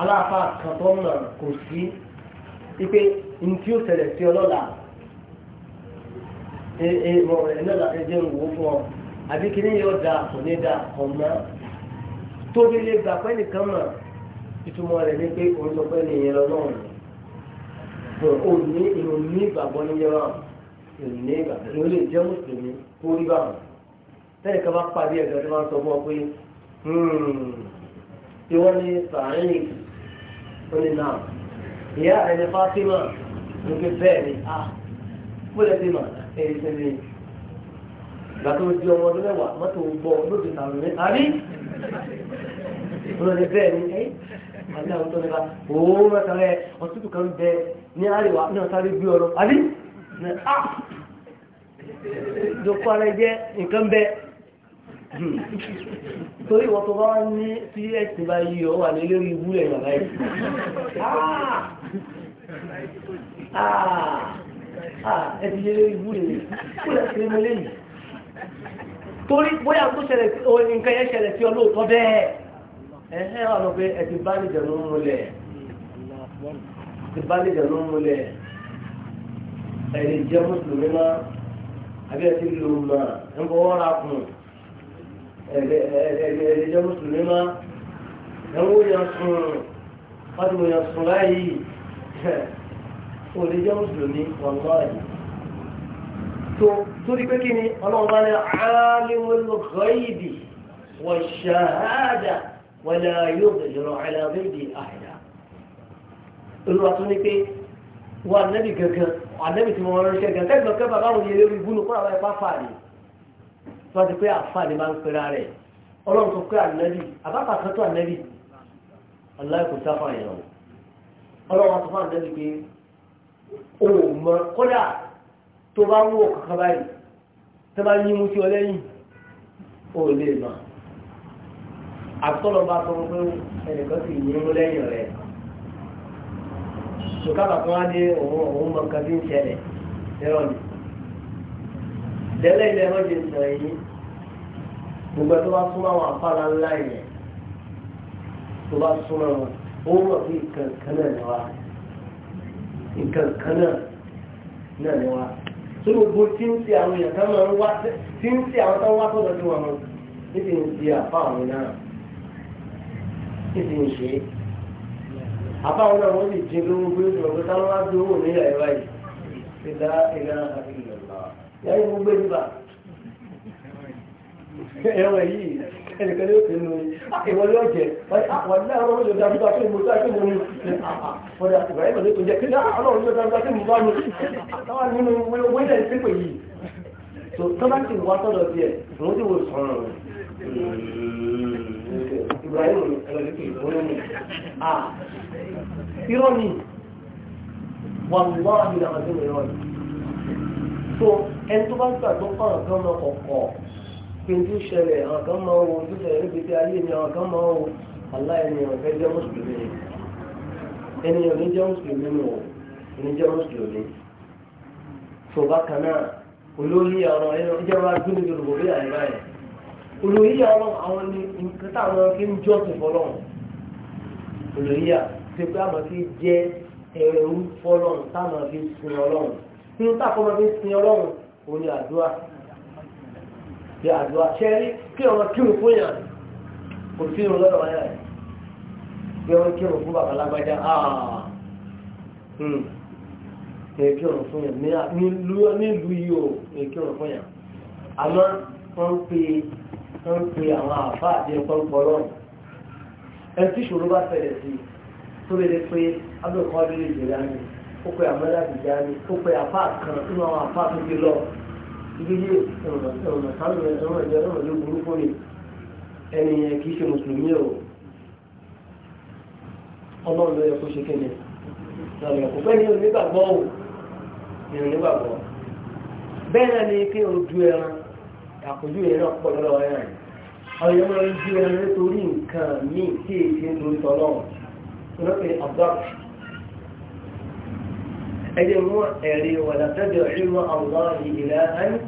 S1: aláàfà kan tó mọ̀ kò sí ipe ní tí ó ṣẹlẹ̀ sí ọlọ́la ẹ̀ẹ́dọ́là ẹ̀jẹ̀ ń wò fún ọ àbí kí ni yóò da kò ní da ọ̀nà tóbi lè gbà pẹ́ nìkan mọ̀ ìtumọ̀ rẹ̀ ní pé òun sọ pé nìyẹn lọ́wọ́ ò ní ìròyìn ìgbàgbọ́ níyẹn wà ìròyìn ìgbàgbọ́ ló lè jẹ́ mùsùlùmí kó rí báwọn tẹ́lẹ̀ kan bá pàdé ẹ̀gbẹ́ tó máa ń sọ fún ọ pé tí wọ́n ní sàárìn ó ní náà ìyá ẹni Fátímà ló fi bẹ́ẹ̀ ni a fúlẹ̀ sí mà èyí sí ni ìgbà tó di ọmọ ọdún mẹ́wàá mọ́tò gbọ́ lóde sàárìn ní àrí olóde bẹ́ẹ̀ ni ẹ́ àti àwọn tó ní ká òun mẹ́ta rẹ̀ ọtútù kan bẹ ní àríwá ní ọ̀sáré gbé ọ̀rọ̀ àrí ní a. Ah, Dokọ̀ ara jẹ́ nǹkan bẹ́ẹ̀ torí wọ́n tó bá wá ní tí ẹ̀sìn bá yí ọ wà ní lórí ìwúlẹ̀ yàrá ẹ̀ ẹ̀sìn yẹ lórí ìwúlẹ̀ ìwúlẹ̀ sí ẹmọ lẹ́yìn torí bóyá tó ṣẹlẹ̀ nǹkan yẹn ṣẹlẹ̀ sí ọlọ́ọ̀tọ́ bẹ́ẹ̀ ẹ̀hẹ́ wà lọ pé ẹ̀sìn bá lè jẹ̀ ló ń múlẹ̀ ẹ̀sìn bá lè jẹ̀ jẹ́ mùsùlùmí náà àbí ẹ̀sìn lòun náà ń bọ́ wọ́n ra kùn ẹ̀ẹ́dẹ́jọ́ mùsùlùmí máa ẹ̀wọ́ yẹn sùn fásitì yẹn sùn láyìí òdìjọ́ mùsùlùmí wàlúwàlú tó torí pé kí ni ọlọ́run bá ní alimul ghaibi wa shahada wa la yuzhiru ala ghaibi ahada olùwà tó ní pé wà nẹ́bì gangan wà nẹ́bì tí mo rán ṣẹ́ gangan tẹ́gbọ̀n kẹ́ yẹ lórí ìbúnú kọ́ra bá ẹ bá tó bá ti pé àfà ní máa ń pera rẹ̀ ọlọ́run tó pé ànábì àbáfà kan tó ànábì aláì sáfà yẹn o ọlọ́run àti fún ànábì pé o ò mọ kódà tó bá wú òkàkà báyìí tó bá yín mú sí ọ lẹ́yìn o lè mọ̀ àtọ́lọ́ bá sọ pé ẹnìkan sì yín mú lẹ́yìn rẹ̀ ṣùgbọ́n àbàkan wá dé òun òun mọ̀ nǹkan bí ń ṣẹlẹ̀ lẹ́rọ̀ ni tẹ́lẹ̀ ilẹ̀ mọ́jì sàn yìí gbogbo ẹ̀ tó bá súnmọ́ àwọn afárá ńlá yẹn tó bá súnmọ́ wọn ó mọ̀ bí nǹkan kan náà ni wá nǹkan kan náà ni wá tó gbogbo tí ń ṣe àwọn èèyàn kan máa ń wá tí ń ṣe àwọn táwọn wá sọ̀dọ̀ tí wọ́n mọ̀ níbi ń ṣe àfa àwọn náà níbi ń ṣe àfa àwọn náà wọ́n sì jí lówó gbé ìṣòro pé táwọn wá gbé owó nílẹ̀ ẹ̀ báyìí ìdá ìlànà àti ìlọ yàrá ìwọ̀n gbé nípa ẹ̀wọ̀n yìí ẹnìkan ló ti nù ìwọ̀n ló jẹ wọ́n náà ah, wọ́n lè dájú bá tó mú sáà tó mú ní ah, ọ̀dà ìbáyé ah, ló tó jẹ kí náà ọlọ́run ló dájú bá tó mú bá mi táwọn nínú wọ́n náà ti pè yìí tó tó bá ti wá sọ́dọ̀ sí ẹ̀ wọ́n ti wò sọ̀rọ̀ ìbáyé ló ẹlẹ́dẹ́gbẹ̀ ìwọ́n ló mú
S2: ah irọ́ ni
S1: wàlúwà àbí làwọn tó mú irọ́ ni. So ẹni tó bá gbàgbọ́ fáwọn kan máa kọ̀kọ̀ pé ojú ṣẹlẹ̀ àwọn kan máa wo ojú ṣẹlẹ̀ níbi tí ayé ni àwọn kan máa wo aláìní ọ̀fẹ́ jẹ́ mùsùlùmí ẹni ò ní jẹ́ mùsùlùmí nù ò ní jẹ́ mùsùlùmí tó bá kan náà olórí àwọn ẹni ọjọ́ wa gbúdú yorùbá bí àyè báyìí olórí àwọn àwọn ni nǹkan táwọn fi ń jọ́ sí fọlọ́ olórí à ti pé àmọ́ ti jẹ́ ẹ̀rù fọlọ́ táwọn fi sun ọlọ́run tí ń tàkọ́mọ́ fi ń sin ọlọ́run òun ni àdúrà ti àdúrà ṣẹ́rí kí ọmọ kírun fún yàn kò sí irun lọ́dọ̀ wáyà rẹ̀ bí ọmọ kírun fún bàbá lágbájá áà ah! hmm. ẹ kírun fún yàn nílùú yìí o ẹ kírun fún yàn àmọ́ wọ́n ń pe wọ́n ń pe àwọn àfáà àti ẹ̀kọ́ lọ́rùn ẹ tí ìṣòro bá ṣẹlẹ̀ sí tó lè lè pe abdulkadir ìjìlá ni ó pe àmọ́lá ìjà ni ó pe apá kan nínú àwọn apá tó ti lọ ibi yìí ọ̀nà sáré ọ̀nà ìjọ ọ̀nà ló burú fún mi ẹni yẹn kì í ṣe mùsùlùmí o ọlọ́run ló yẹ kó ṣe kéde lọ́rọ̀ kò fẹ́ ní onígbàgbọ́ o ní onígbàgbọ́ bẹ́ẹ̀ náà ni kí o du ẹran àpòjú yẹn náà pọ̀ lọ́wọ́ ẹran àwọn èèyàn máa ń du ẹran nítorí nǹkan míì tí èsì ń ẹjẹ́ mú ẹ̀rí wọ̀dà tẹ́jọ ìmọ̀ àwọn ìlà ẹni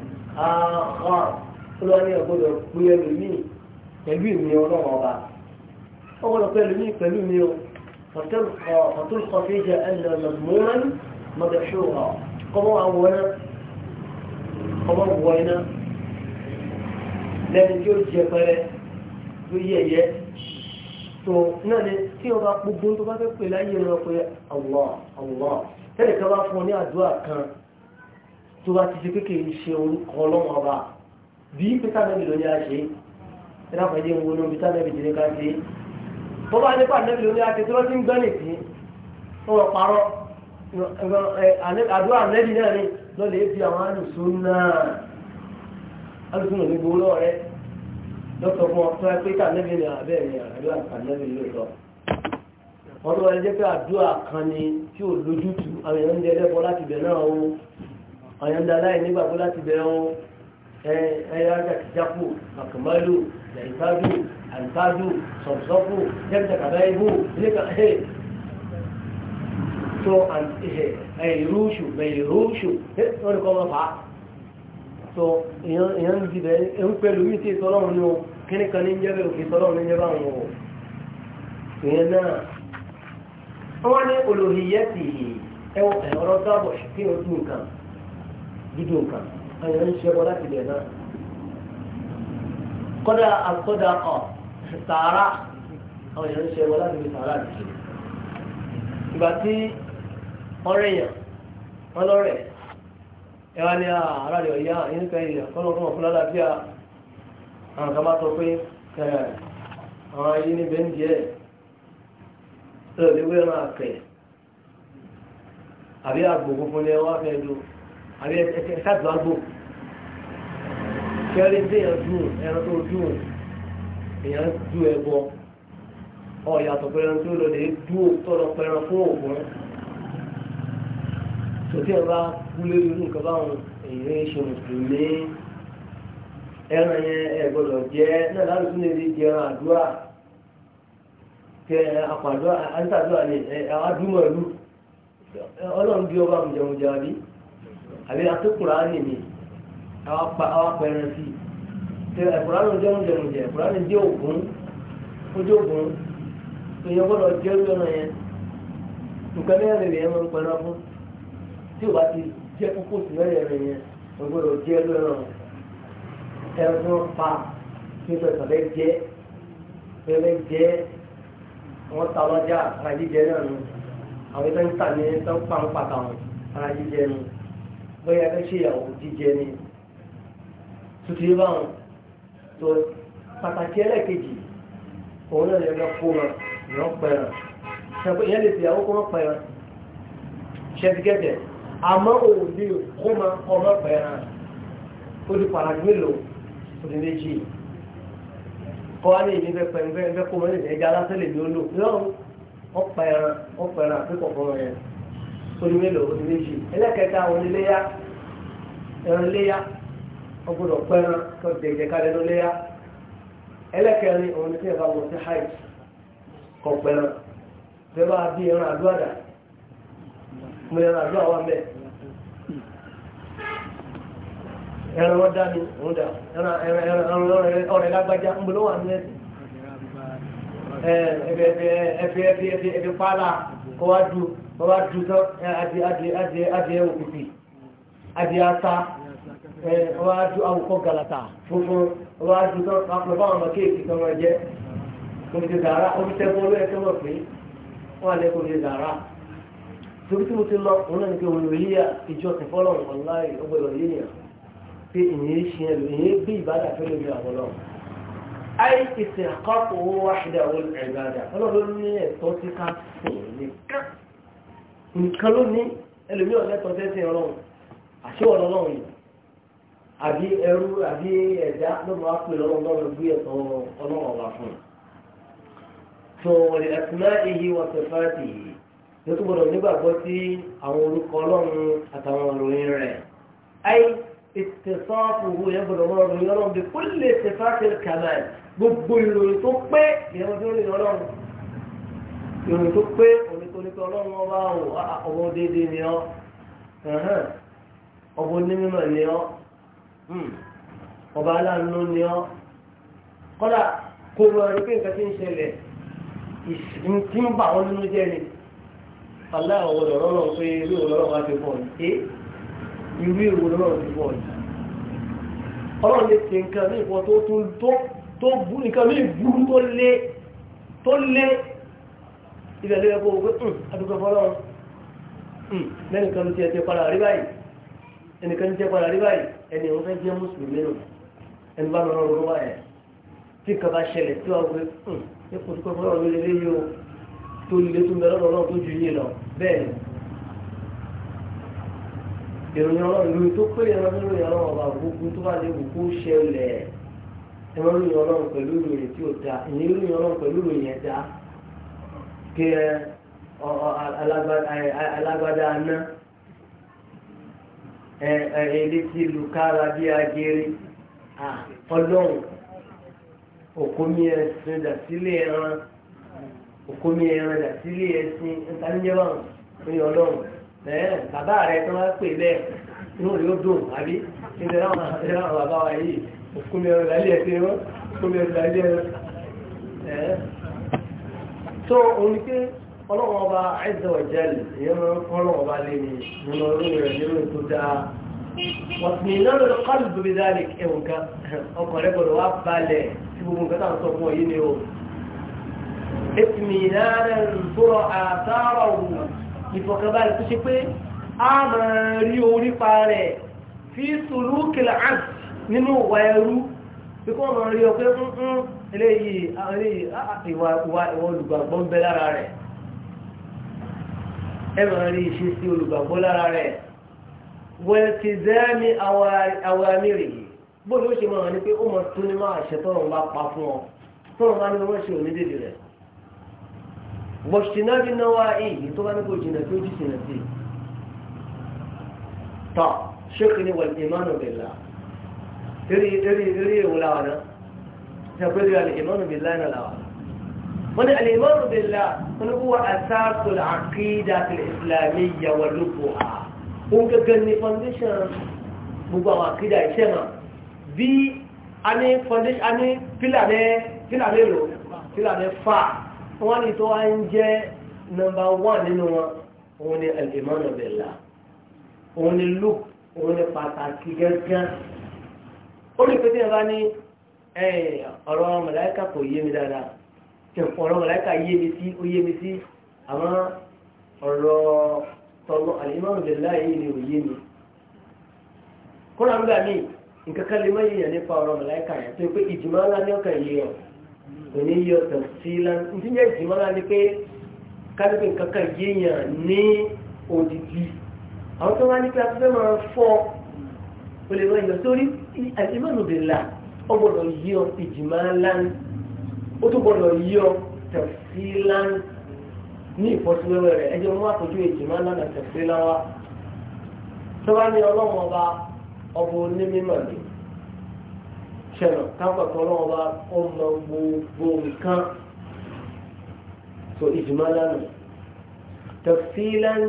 S1: àkọ́ ló ní ọgbọ́dọ̀ pé ẹlòmíì pẹ̀lú ìmí ọlọ́run ọba ọgbọ́dọ̀ pé ẹlòmíì pẹ̀lú mi o fọ̀tún kọfí jẹ ẹnì ọ̀nà mọ́rán mọ́tẹ̀ṣọ́ ọ̀ kọ́mọ́ àwọn ẹ̀nà kọ́mọ́ wọ ẹ̀nà lẹ́ni tí ó jẹ pẹrẹ tó yẹ̀yẹ́ tó náà ni tí ọba gbogbo tó bá fẹ́ pè láyé wọn pé Allah Allah tẹ́lẹ̀ kan bá fún ọ ní àdúrà kan tó bá ti ṣe kékeré ṣe orúkọ ọlọ́run ọba bí pété anábì ló ní a ṣe ẹ̀rọ àpẹẹrẹ ń wọnú pété anábì ti ní ká ṣe bọ́ bá nípa anábì ló ní a ṣe tí wọ́n ti ń gbọ́ nìtì wọ́n parọ́ àdúrà anábì náà ni lọ́lẹ̀ èdè àwọn alùsùn náà alùsùn náà ní gbowó lọ́wọ́ rẹ lọ́sọ̀ fún ọ tó ẹ pété anábì ní abẹ́rẹ́ àdúrà anábì ló sọ wọn ló wá jẹ́ pé àdúrà kan ni tí ò lójútu àwọn èèyàn ń dẹ ẹlẹ́bọ láti bẹ̀ náà o àwọn èèyàn ń da aláì nígbàgbọ́ láti bẹ̀ o ẹ̀yà jàkìjápò àkàmálò ìtàdù àìtàdù sọ̀sọ́pù jẹ́mìtàkàbá ibú nígbà ẹ̀ tó ẹ̀rúṣù mẹ̀rúṣù wọ́n ni kọ́ mọ́ fàá tó èyàn ń dìbẹ̀ ń pẹ̀lú mí tí ìtọ́lọ́run ní o kíníkan ní jẹ́bẹ̀ òkè ìtọ́lọ́run ní jẹ́bẹ̀ àwọn èèyàn náà wọ́n ní olùhìyẹ́tì ọ̀rọ̀ sábọ̀ kí o dùn kan dídùn nǹkan àyàn ń ṣe ọ láti bẹ̀rẹ̀ náà kọ́dà àkọ́dà ọ̀ sàárà àwọn èèyàn ń ṣe ọ láti bẹ̀rẹ̀ sàárà jù ìgbà tí ọ̀rẹ́ yàn wọ́n lọ́rẹ̀ ẹ wá ní ara rẹ̀ ọ̀yá yín fẹ́ yìí kọ́ lọ́kọ́ fún lálàáfíà àwọn kan bá sọ pé àwọn ayé níbẹ̀ ń jẹ́ ẹ̀ tó lè wé ẹran àkẹ́ àbí àgbò funfun ni wọ́n fẹ́ lo àbí ẹ̀ṣáàtù àgbò kẹ́rí tí èèyàn dùn ẹran tó dùn èèyàn du ẹbọ ọ yàtọ̀ pé ẹran tó lọ lè du tọ́lọ pẹran fún òògùn tòtí ẹ̀ bá kú lórí irú nǹkan báwọn èèyàn ṣe mùsùlùmí ẹran yẹn ẹ gbọ́dọ̀ jẹ náà láti tún lè di ẹran àdúrà. ṣe àpàdé àǹtàdúrà ni àdúmọ̀lú ọlọ́run bí ọba mùjẹmùjẹ àbí àbí àtúkùrá nì mí àwọn apẹ̀rẹ̀ sí ó bá ti jẹ́ kókó sí lẹ́yìn ẹ̀rẹ̀ yẹn jẹ́ ẹ̀rọ pa jẹ́ wọ́n ta lọ́jà ara jíjẹ náà nù àwọn ìtàn tà ní tán pàǹpà táwọn ara jíjẹ nù bóyá fẹ́ ṣe ìyàwó jíjẹ ni tuntun yìí báwọn tó pàtàkì ẹlẹ́ẹ̀kejì òun náà lè lọ kó wọn ìyàn pẹ̀rẹ̀ ṣàpè ìyẹn lè fi àwọn kó wọn pẹ̀rẹ̀ ṣẹ́dígẹ́dẹ̀ àmọ́ òun lè kó wọn kọ́ wọn pẹ̀rẹ̀ ó di pàtàkì mélòó ó di méjì yìí. kọ́ ní ìyẹn bẹ́ẹ̀ pẹ̀lú bẹ́ẹ̀ bẹ́ẹ̀ kó mọ́ ní ẹja lásán lè lò ẹran ọ̀pẹ̀ ẹran àti mélòó méjì ẹlẹ́kẹta ẹran iléyà ọgbọ́dọ̀ pẹ́ ẹran tó dẹ̀jẹ̀ kalẹ̀ ló léyà ẹlẹ́kẹrin òun sí hajj bẹ́ẹ̀ bá bí ẹran ẹran wọn dá mi òun dà ẹran ọ̀rẹ́ lágbájá ń bolo wà nílẹ̀ ẹbẹ ẹbẹ ẹbẹ ẹbẹ ẹbẹ pààlà kọ wá wá adìẹ òkùnkùn adìẹ ata wá galata funfun wá báwọn ọmọ kéèkì fún olóyè pé wọ́n tí mo ti lọ òun náà ní ọgbẹ́ pé ìyẹn ṣe ẹlò ìyẹn gbé ìbádà tó lè rí àwọn náà ayé ìsìn àkọ́kọ́ owó wáṣídà owó ìbádà ọlọ́run ní ẹ̀tọ́ tí ká sùn nìkan nìkan ló ní ẹlòmí ọ̀lẹ́tọ̀ tẹ́sẹ̀ ọlọ́run àṣẹ ọlọ́run yìí àbí ẹrú àbí ẹ̀dá lọ́nà wá pè lọ́run lọ́run gbé ẹ̀tọ́ ọlọ́run ọ̀la fún un ìtẹ̀sọ́fùhù yẹ́bùdọ̀mọ́ ọ̀rọ̀ ìyọ́rọ̀ bí kó lè tẹ̀fàkì kàmáì gbogbo ìròyìn tó pé ìyẹn tó ní ọlọ́run ìròyìn tó pé oníkóníkó ọlọ́run ọba ọmọ déédéé ni ọ ọba onímọ̀ ni ọ hmm. ọba aláàánú ni ọ kọ́dà kó lọ rí pé nǹkan tí ń ṣẹlẹ̀ ìsìnkú ń bà nínú jẹ́ ni aláàwọ̀ ọ̀dọ̀ ọlọ́run pé ilé ọlọ́run wá ti pọ̀ ní irú èrò lọ́rọ̀ ti fọ́ ọ̀dà ọlọ́run lè ṣe nǹkan ní ìfọ́ tó tún tó bú nǹkan ní ìbúrú tó lé tó lé ilẹ̀ lé ẹgbẹ́ hmm, ogun ń adúgbò fọ́lọ́run hmm, lẹ́nìkan ti ẹ̀tẹ́ padà rí báyìí ẹnìkan ti ẹ̀tẹ́ padà rí báyìí ẹni òun fẹ́ jẹ́ mùsùlùmí nù ẹni bá lọ́rọ̀ lọ́rọ̀ báyẹ̀ tí kaba ṣẹlẹ̀ tí wọ́n gbé hmm, ẹkùn tó kọ́ fọ́lọ́run lé lé yìí tó lé tó mẹ́rọ̀ lọ́rọ̀ tó ju yìí lọ bẹ́ẹ̀ ìròyìn ọlọ́run ìròyìn tó pé ìrànlọ́run ìròyìn ọlọ́run ọba gbogbo tó bá lè wù ṣẹlẹ̀ ẹ̀rọ ọlọ́run pẹ̀lú ìròyìn tí ó da ìyẹn ìròyìn ọlọ́run pẹ̀lú ìròyìn ẹ̀dá kí ẹ alágbádá aná èlé tí ìlú bí agere ọlọ́run òkómi ẹ̀sìn dàsílẹ̀ ẹran òkómi ẹran dàsílẹ̀ ẹ̀sìn ẹ̀ta báwọn ìròyìn ọlọ́run. bàbá rẹ̀ tó máa pè bẹ́ẹ̀ inú rẹ̀ ó dùn àbí níbi láwọn àwọn bàbá wa yìí òkúmi ẹ̀rọ lálẹ́ ẹ̀sìn ẹ̀rọ òkúmi ẹ̀rọ lálẹ́ ẹ̀rọ ẹ̀ tó òun pé ọlọ́wọ́n ọba Azza wa Jalla ìyẹn mọ́ ọlọ́wọ́n ọba lè ní nínú orí rẹ̀ nínú ètò dáa wọ́n ti ní lọ́dọ̀ kọ́lù bíbí dáadé ẹ̀wọ̀n kan ọkọ̀ rẹ̀ gbọ́dọ̀ wá balẹ̀ tí gbogbo nǹkan táwọn sọ fún ọ yìí ni o ètùmí náà rẹ̀ ń ìfọ̀kànbalẹ̀ tó ṣe pé a máa rí orípa rẹ̀ fi sùúrù kìlà áàtì nínú ìwà ẹrú bí kò máa rí ọ pé ń mm, ń mm, eléyìí ìwà olùgbàgbọ́ ń bẹ lára rẹ̀ ẹ máa rí ìṣesí olùgbàgbọ́ lára rẹ̀ wẹ̀tì zẹ́ẹ̀mí àwọn amírì yìí bóyá ó ṣe máa ní pé ó mọ̀ tó ní máa ṣe tọ́rọ̀ ń bá mọ̀ṣínà bí náà wá èyí tó bá ní kò jìnà tó jìsì náà sí tọ́ ṣékì ní wàlẹ̀ ìmánu bìlá eré ìwò láwa náà ṣàpẹ́lẹ̀ àlẹ̀ ìmánu bìlá náà láwa wọ́n ní àlẹ̀ ìmánu wọ́n ní wọ́n àtàkù àkídà ìsìlámì yàwó lóko à òun gẹ́gẹ́ ní foundation gbogbo àwọn àkídà iṣẹ́ náà bí a ní foundation a ní wọ́n ní tó wá ń jẹ́ nọ́mbà wán nínú wọn òun ni al-imanu billah òun ni lù òun ni pàtàkì gángan ó ní pété bá ní ọ̀rọ̀ màláíkà kò yé mi dáadáa ọ̀rọ̀ màláíkà yé mi sí ó yé mi sí àmọ́ ọ̀rọ̀ tọ́lọ́ al-imanu billah yìí ni ò yé mi kó làǹgbà mi nǹkan kan lè má yé yẹn nípa ọ̀rọ̀ màláíkà yẹn tó yẹ pé ìjìmọ̀ ńlá ní ọkàn yìí ọ̀ òní yọ tẹ̀sílá ní jẹ́ ìjìmọ́lá ní pé kárípì kankan yéèyàn ní òdìdí àwọn tó wá ní pé afẹ́fẹ́ máa fọ́ o lè wọ́n yọ sórí ìmọ̀lùbìlà ó gbọ́dọ̀ yọ ìjìmọ́lá ó tó gbọ́dọ̀ yọ tẹ̀sílá ní ìfọ́síwẹ́wẹ́ rẹ̀ ẹjọ́ wọn àpòjú ìjìmọ́lá náà tẹ̀sílá wa tó bá ní ọlọ́run ọba ọba onímọ̀ ni ṣẹlẹ̀ tábàtọ̀ ọlọ́run bá ó mọ gbogbo nǹkan tó ìjùmọ̀ lánàá tafsilan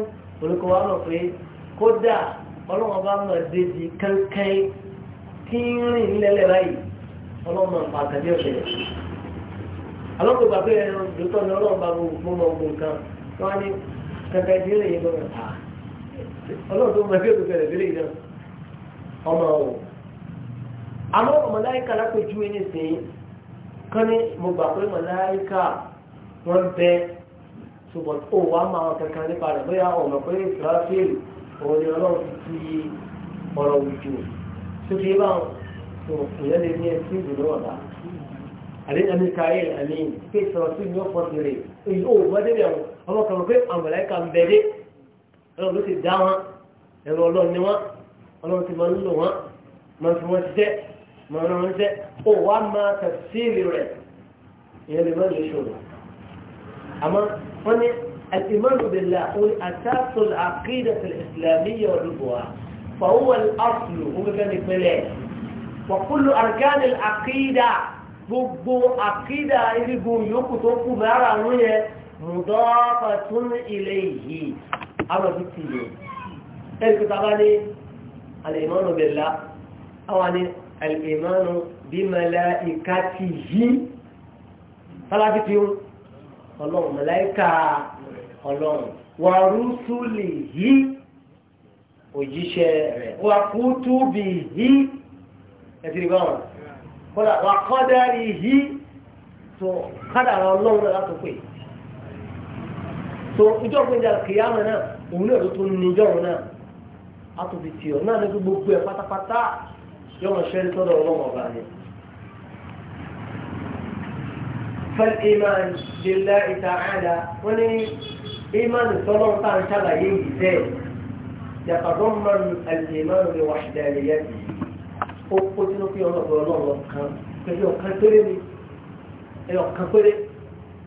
S1: olùkọ́ wa mọ̀ pé kódà ọlọ́run bá mọ̀ déjì kankan tí ń rìn lẹ́lẹ̀ báyìí ọlọ́run mọ̀ nípa àtàbí ọ̀sẹ̀ yẹn alọ́kọ̀ gbà pé ẹ̀rọ ìdótọ́ ni ọlọ́run bá gbogbo mọ gbogbo nǹkan tó wá ní kankan ìdílé yìí lọ́rùn ah, ọlọ́run tó mọ ẹgbẹ́ òkú fẹ̀rẹ̀ ìdílé yìí náà ọmọ ọ̀hún àmọ́ mọ̀láíkà lápẹjú ẹni sí kán ní mo gbà pé mọ̀láíkà wọ́n bẹ ṣùgbọ́n ó wà máa kankan nípa rẹ̀ bóyá ọ̀nà pé ìfúráfíìl òun ni ọlọ́run ti ti ọ̀rọ̀ òjò tó fi bá ìyẹn lè ní ẹtí ìdùnnú ọ̀dà àdéhùn àmì káyé àmì pé ìfúráfíìl ní ọ̀pọ̀ ti rè èyí ó wọ́n débẹ̀ ọmọ kan pé àmọ̀láíkà ń bẹ dé ọlọ́run ló ti dá wọn ẹ̀rọ ọlọ́run ni wọn ọlọ́run ti máa ń lò wọn máa mọ̀ràn oúnjẹ ó wá máa tẹ̀síìlì rẹ̀ ìyẹn lè má الإيمان بالله أساس العقيدة الإسلامية وربها فهو الأصل هو كان يقبله وكل أركان العقيدة gbogbo àkídà irígbò yòókù tó kú lára àwọn yẹn mùdọ́fà tún ilé yìí arọ̀bí ti lè ẹ̀rìkú ní alẹ́mọ́nù bẹ̀lá àwọn ni alìmánu bí màláìka ti yí sálábí ti ń ọlọ́run màláìka ọlọ́run wà rúsùlì yí òjíṣẹ́ rẹ̀ wà kútùbì yí ẹ̀sìn ìbáwọn kọ́dà wà kọ́dárì yí tó kádà ọlọ́run láti pè é so ìjọ gbẹ̀dẹ̀ kìyàmù náà òun náà ló tún ní òun náà a tó náà ní gbogbo ẹ pátápátá yọmọ ṣẹ́ tọ́dọ̀ ọlọ́wọ́ bá ní. فالإيمان بالله تعالى ولي إيمان الصلاة تعالى شغله ذات يتضمن الإيمان بوحدانيته ó tínú kí ọlọ́pọ̀ ọlọ́run kan pẹ̀lú ọ̀kan péré ni ẹ̀ọ̀kan péré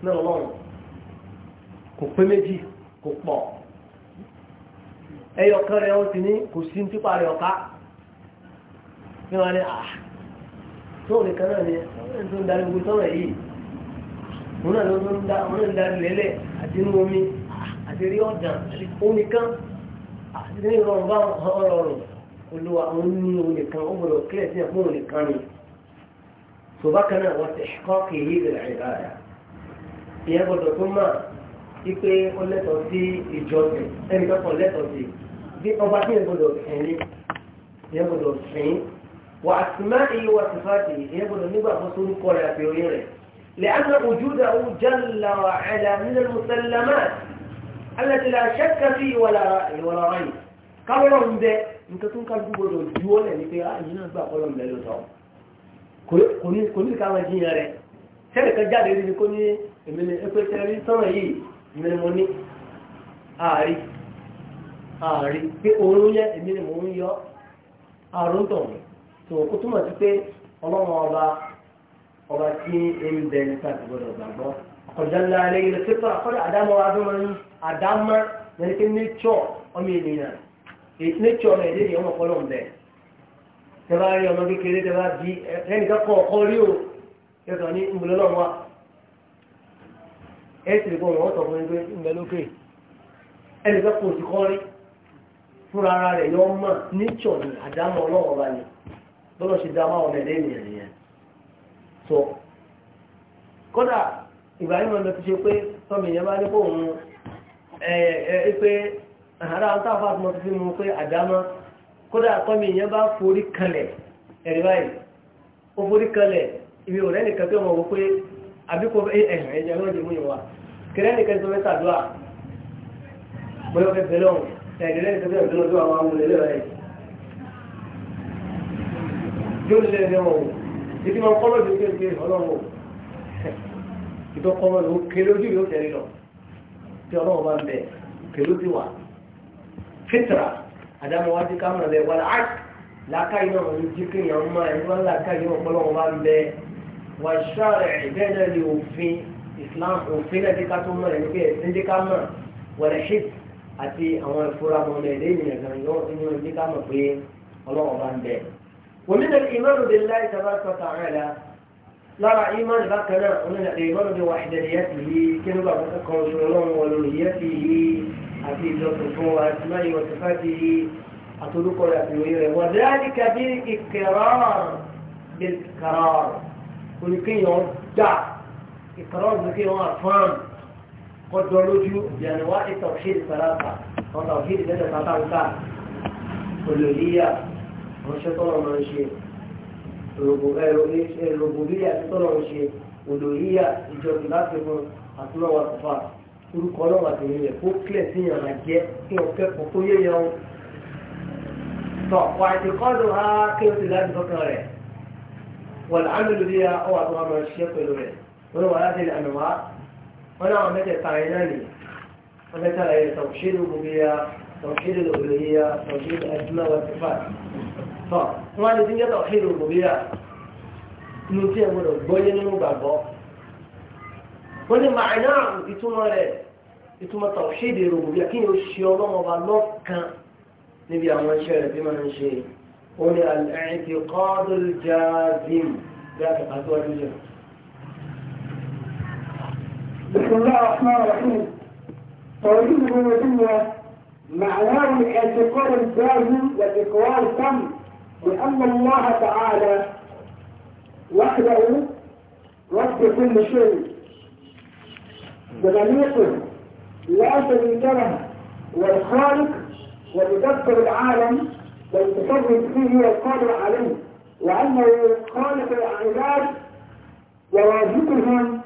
S1: náà ọlọ́run kò pé méjì kò pọ̀ ẹ̀yọ̀kan rẹ̀ ó ti ní kò sí ní pípa rẹ̀ ọ̀ká ní wọn ni à tó nìkan náà ni àwọn tó ń darí gbogbo sọ́wọ́ yìí òun náà ló ń da òun náà ń darí lẹ́lẹ̀ àti inú omi ah, àti rí ọ̀dàn àti omi kan ah, àti ní ìrọ̀rùn bá ọ̀rọ̀rùn olúwa òun ní òun nìkan ó gbọdọ̀ kílẹ̀ sí ẹ̀kọ́ òun nìkan ni tòbákan náà wọ́n ti kọ́ kì í rẹ̀ àìrà rẹ̀ ìyẹn gbọdọ̀ tó máa ipe ó lẹ́tọ̀ọ́ sí ìjọsìn ẹnì وأسمائه وصفاته إيه يقول أن يبقى فصول قولة في غيره لأن وجوده جل وعلا من المسلمات التي لا شك فيه ولا رأي ولا يعني رأي قولهم ذا أنت تنكر جوبه جوله لكي يقول أن يبقى قولهم ذا لتهم كوني كما جيناره sẹ́rẹ̀ kẹjá lè rí ní kó ní ẹ̀mìnì ẹ̀pẹ̀tẹ̀ rí sọ́rọ̀ yìí mẹ́rin ní ààrí ààrí pé oòrùn yẹ́ ẹ̀mìnì mọ́ ń yọ́ àrùntọ̀ mẹ́ tó o túmọ̀ sí pé ọlọ́run ọba ọba tí ń bẹ nípa ìgbọ́dọ̀ gbàgbọ́ ọ̀dà ńlá rẹ̀ ilẹ̀ pípa kọ́dà àdámọ́ adúmọ̀rin àdámọ́ yẹn pé nature ọmọ ènìyàn nature ọmọ èdè yẹn wọ́n kọ́ lọ́n bẹ̀ tẹ́lá rí ọmọ kékeré tẹ́lá bí ẹnìkan kọ́ ọkọ rí o yẹtọ̀ ní ìmùlẹ́lọ́ wa ẹ sì rí bọ́ọ̀mù ọ̀tọ̀ fún ẹgbẹ́ ìmùlẹ́lókè ẹnìkan kò sí kọ́ bọ́lọ̀ ṣe dá máa ọ̀nà ẹ̀dẹ́ ènìyàn nìyẹn so kódà Ibrahim ọ̀nà ti ṣe pé tọ́mì yẹn bá ní kó òun ẹ pé àhárá ń tàfà tó ti fi mú pé àdámá kódà tọ́mì yẹn bá forí kalẹ̀ ẹ̀rí báyìí ó forí kalẹ̀ ibi ọ̀rẹ́ nìkan pé wọ́n wọ pé àbíkó ẹ̀hìn ẹ̀jẹ̀ ló dé mú ìwà kẹrẹ́ nìkan tó fẹ́ sàdúrà bóyá ó fẹ́ fẹ́ lọ́hùn ẹ̀ẹ́dẹ̀rẹ́ nìkan yóò lé ẹ̀rẹ́ wọn o títí máa kọ́ lọ́dún tó ń gbé ọlọ́run o ìtọ́ kọ́ lọ́dún ó kéré ojú yóò tẹ̀lé lọ tí ọlọ́run bá ń bẹ̀ kéré ti wà fitra àdámọ̀ wájú kámọ̀ rẹ̀ wà láàk lákàyè náà ní jíkì yàn mọ́ ẹni wọn lákàyè ọpọlọ́run bá ń bẹ wà ṣáàrẹ̀ ìbẹ́ẹ̀ náà ní àti àwọn ìfura mọ̀ ọmọ ẹ̀dẹ́ ènìyàn inú díkà pé ọlọ́run bá ń bẹ ومن الإيمان بالله تبارك وتعالى لا إيمان بكنا ومن الإيمان بوحدانيته كنو بقى كونسولون ولوليته أفي جوتفو وأسماء وصفاته أطلقوا لأبيوير وذلك بالإقرار بالقرار ولكن يرجع إقرار ذكي وأفهم قد دولوجيو بأنواع التوحيد الثلاثة والتوحيد ذات التعطاء الثلاثة àwọn iṣẹ́ tọ́lọ̀ máa ń ṣe rògbòbíyà tí tọ́lọ̀ ń ṣe òdòríyà ìjọba láti fún àtúnlọ́wọ́ àtúfà orúkọ ọlọ́wà tó yẹ kó kílẹ̀ sí yàn máa jẹ́ kí wọ́n kẹ́kọ̀ọ́ tó yé yan tọ̀ wà á ti kọ́dọ̀ á kí o sì láti tọ́kàn rẹ̀ wọ́n lè ámì lórí ya ọwọ́ àtúwà máa ṣiṣẹ́ pẹ̀lú rẹ̀ wọ́n wà láti lè àmì wá wọ́n náà mẹ́tẹ̀ẹ̀ta yẹn náà nì tọ́ wọ́n á lè ti ń yẹ́tọ̀ kí ìròyìn òbí rà inú tí ẹ̀ gbọ́dọ̀ gbọ́yé nínú gbàgbọ́ wọ́n ní màánà ìtumọ̀ rẹ̀ ìtumọ̀ tawhid rububiyya kí ni ó ṣe ọlọ́mọ ọba lọ́kàn níbi àwọn iṣẹ́ rẹ̀ bí máa ń ṣe ó ní al-i'tiqad al-jazim bí a kàkà tó wájú jẹ́. bismillah ar-rahman ar-rahim tawhid rububiyya ma'ana al-i'tiqad al-jazim wa iqrar tam لأن الله تعالى وحده رب كل شيء بمليكه لا شريك له والخالق ومدبر العالم والمتصرف فيه والقادر عليه وأنه خالق العباد وواجبهم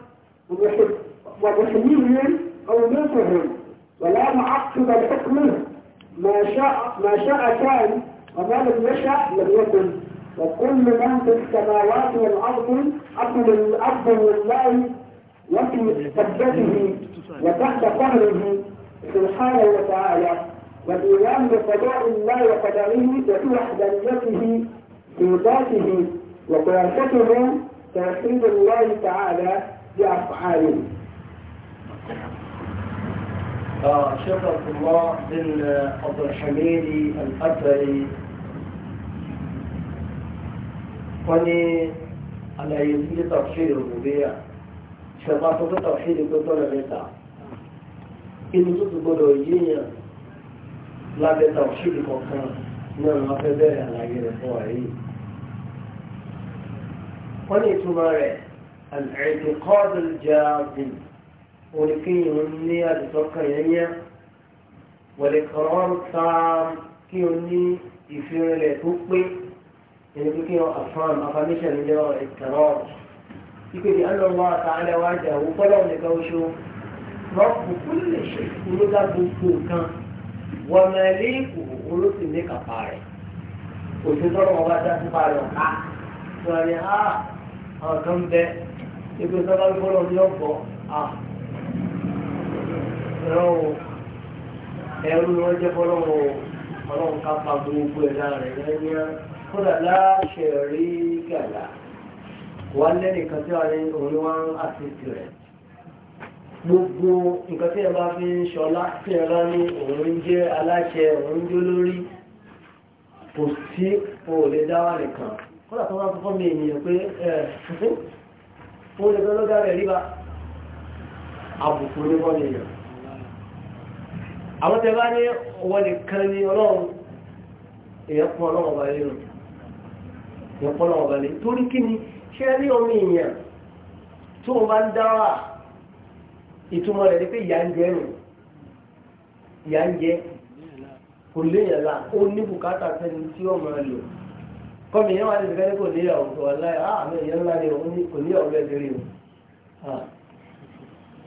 S1: ومحييهم أو موتهم ولا معقب لحكمه ما شاء ما شاء كان وذلك يشاء لم يكن وكل من في السماوات والأرض أب الأرض لله وفي قبضته وتحت قهره سبحانه وتعالى والإيمان بقضاء الله وقدره وفي وحدانيته في ذاته وقياسته توحيد الله تعالى
S2: بأفعاله.
S1: شيخ عبد الله بن عبد الحميد الأكبري وني على يزيد تفسير الربيع الله التوحيد قدر ميتا إن جد قدوية لا بتوحيد قدر نعم أفضل على غير فوعي وني تمارع الاعتقاد الجاذب ولكي أني أتذكر يعني والإقرار التام كي أني يفير لتوقي يعني كي أفهم أفهمش من جواب الإقرار يقول لأن الله تعالى وعده وطلع لكوشه رب كل شيء ولد بوكوكا ومليكه ولد لك قارئ وتدور مبادئ قارئ وقال يا اه كم ده يقول ترى الكل يوم ìran o ni wọ́n jẹ́ fọlọ́wọ́ ọlọ́run ká pa gbogbo ẹ̀dá rẹ̀ lẹ́yìn kódà láṣẹ rí gàlà wà lẹ́nìkan tí wà ní òun wá ń àtìsí rẹ̀ gbogbo nǹkan tí ẹ bá fi ń ṣọlá tí ẹ bá ní òun jẹ́ aláṣẹ òun jẹ́ olórí kò sí o lè dá wà nìkan kódà tó bá fọ́fọ́ mi ènìyàn pé ẹ o lè fẹ́ lọ́gà rẹ̀ rí àbùkù ní wọ́n lè àwọn tẹ bá ní wọ́n nìkan ní ọlọ́run èèyàn pọ̀ ọlọ́run ọba lérò èèyàn pọ̀ ọlọ́run ọba lérò torí kí ni ṣé rí omi èèyàn tí wọ́n bá ń dáwà ìtumọ̀ rẹ̀ ni pé ìyá ń jẹ nù ìyá ń jẹ kò léèyàn la ó ní bùkátà sẹ́ni tí ó máa lò kọ́mi yẹn wà ní ìfẹ́ kò níyàwó wà láyà á àmì ìyẹn ńlá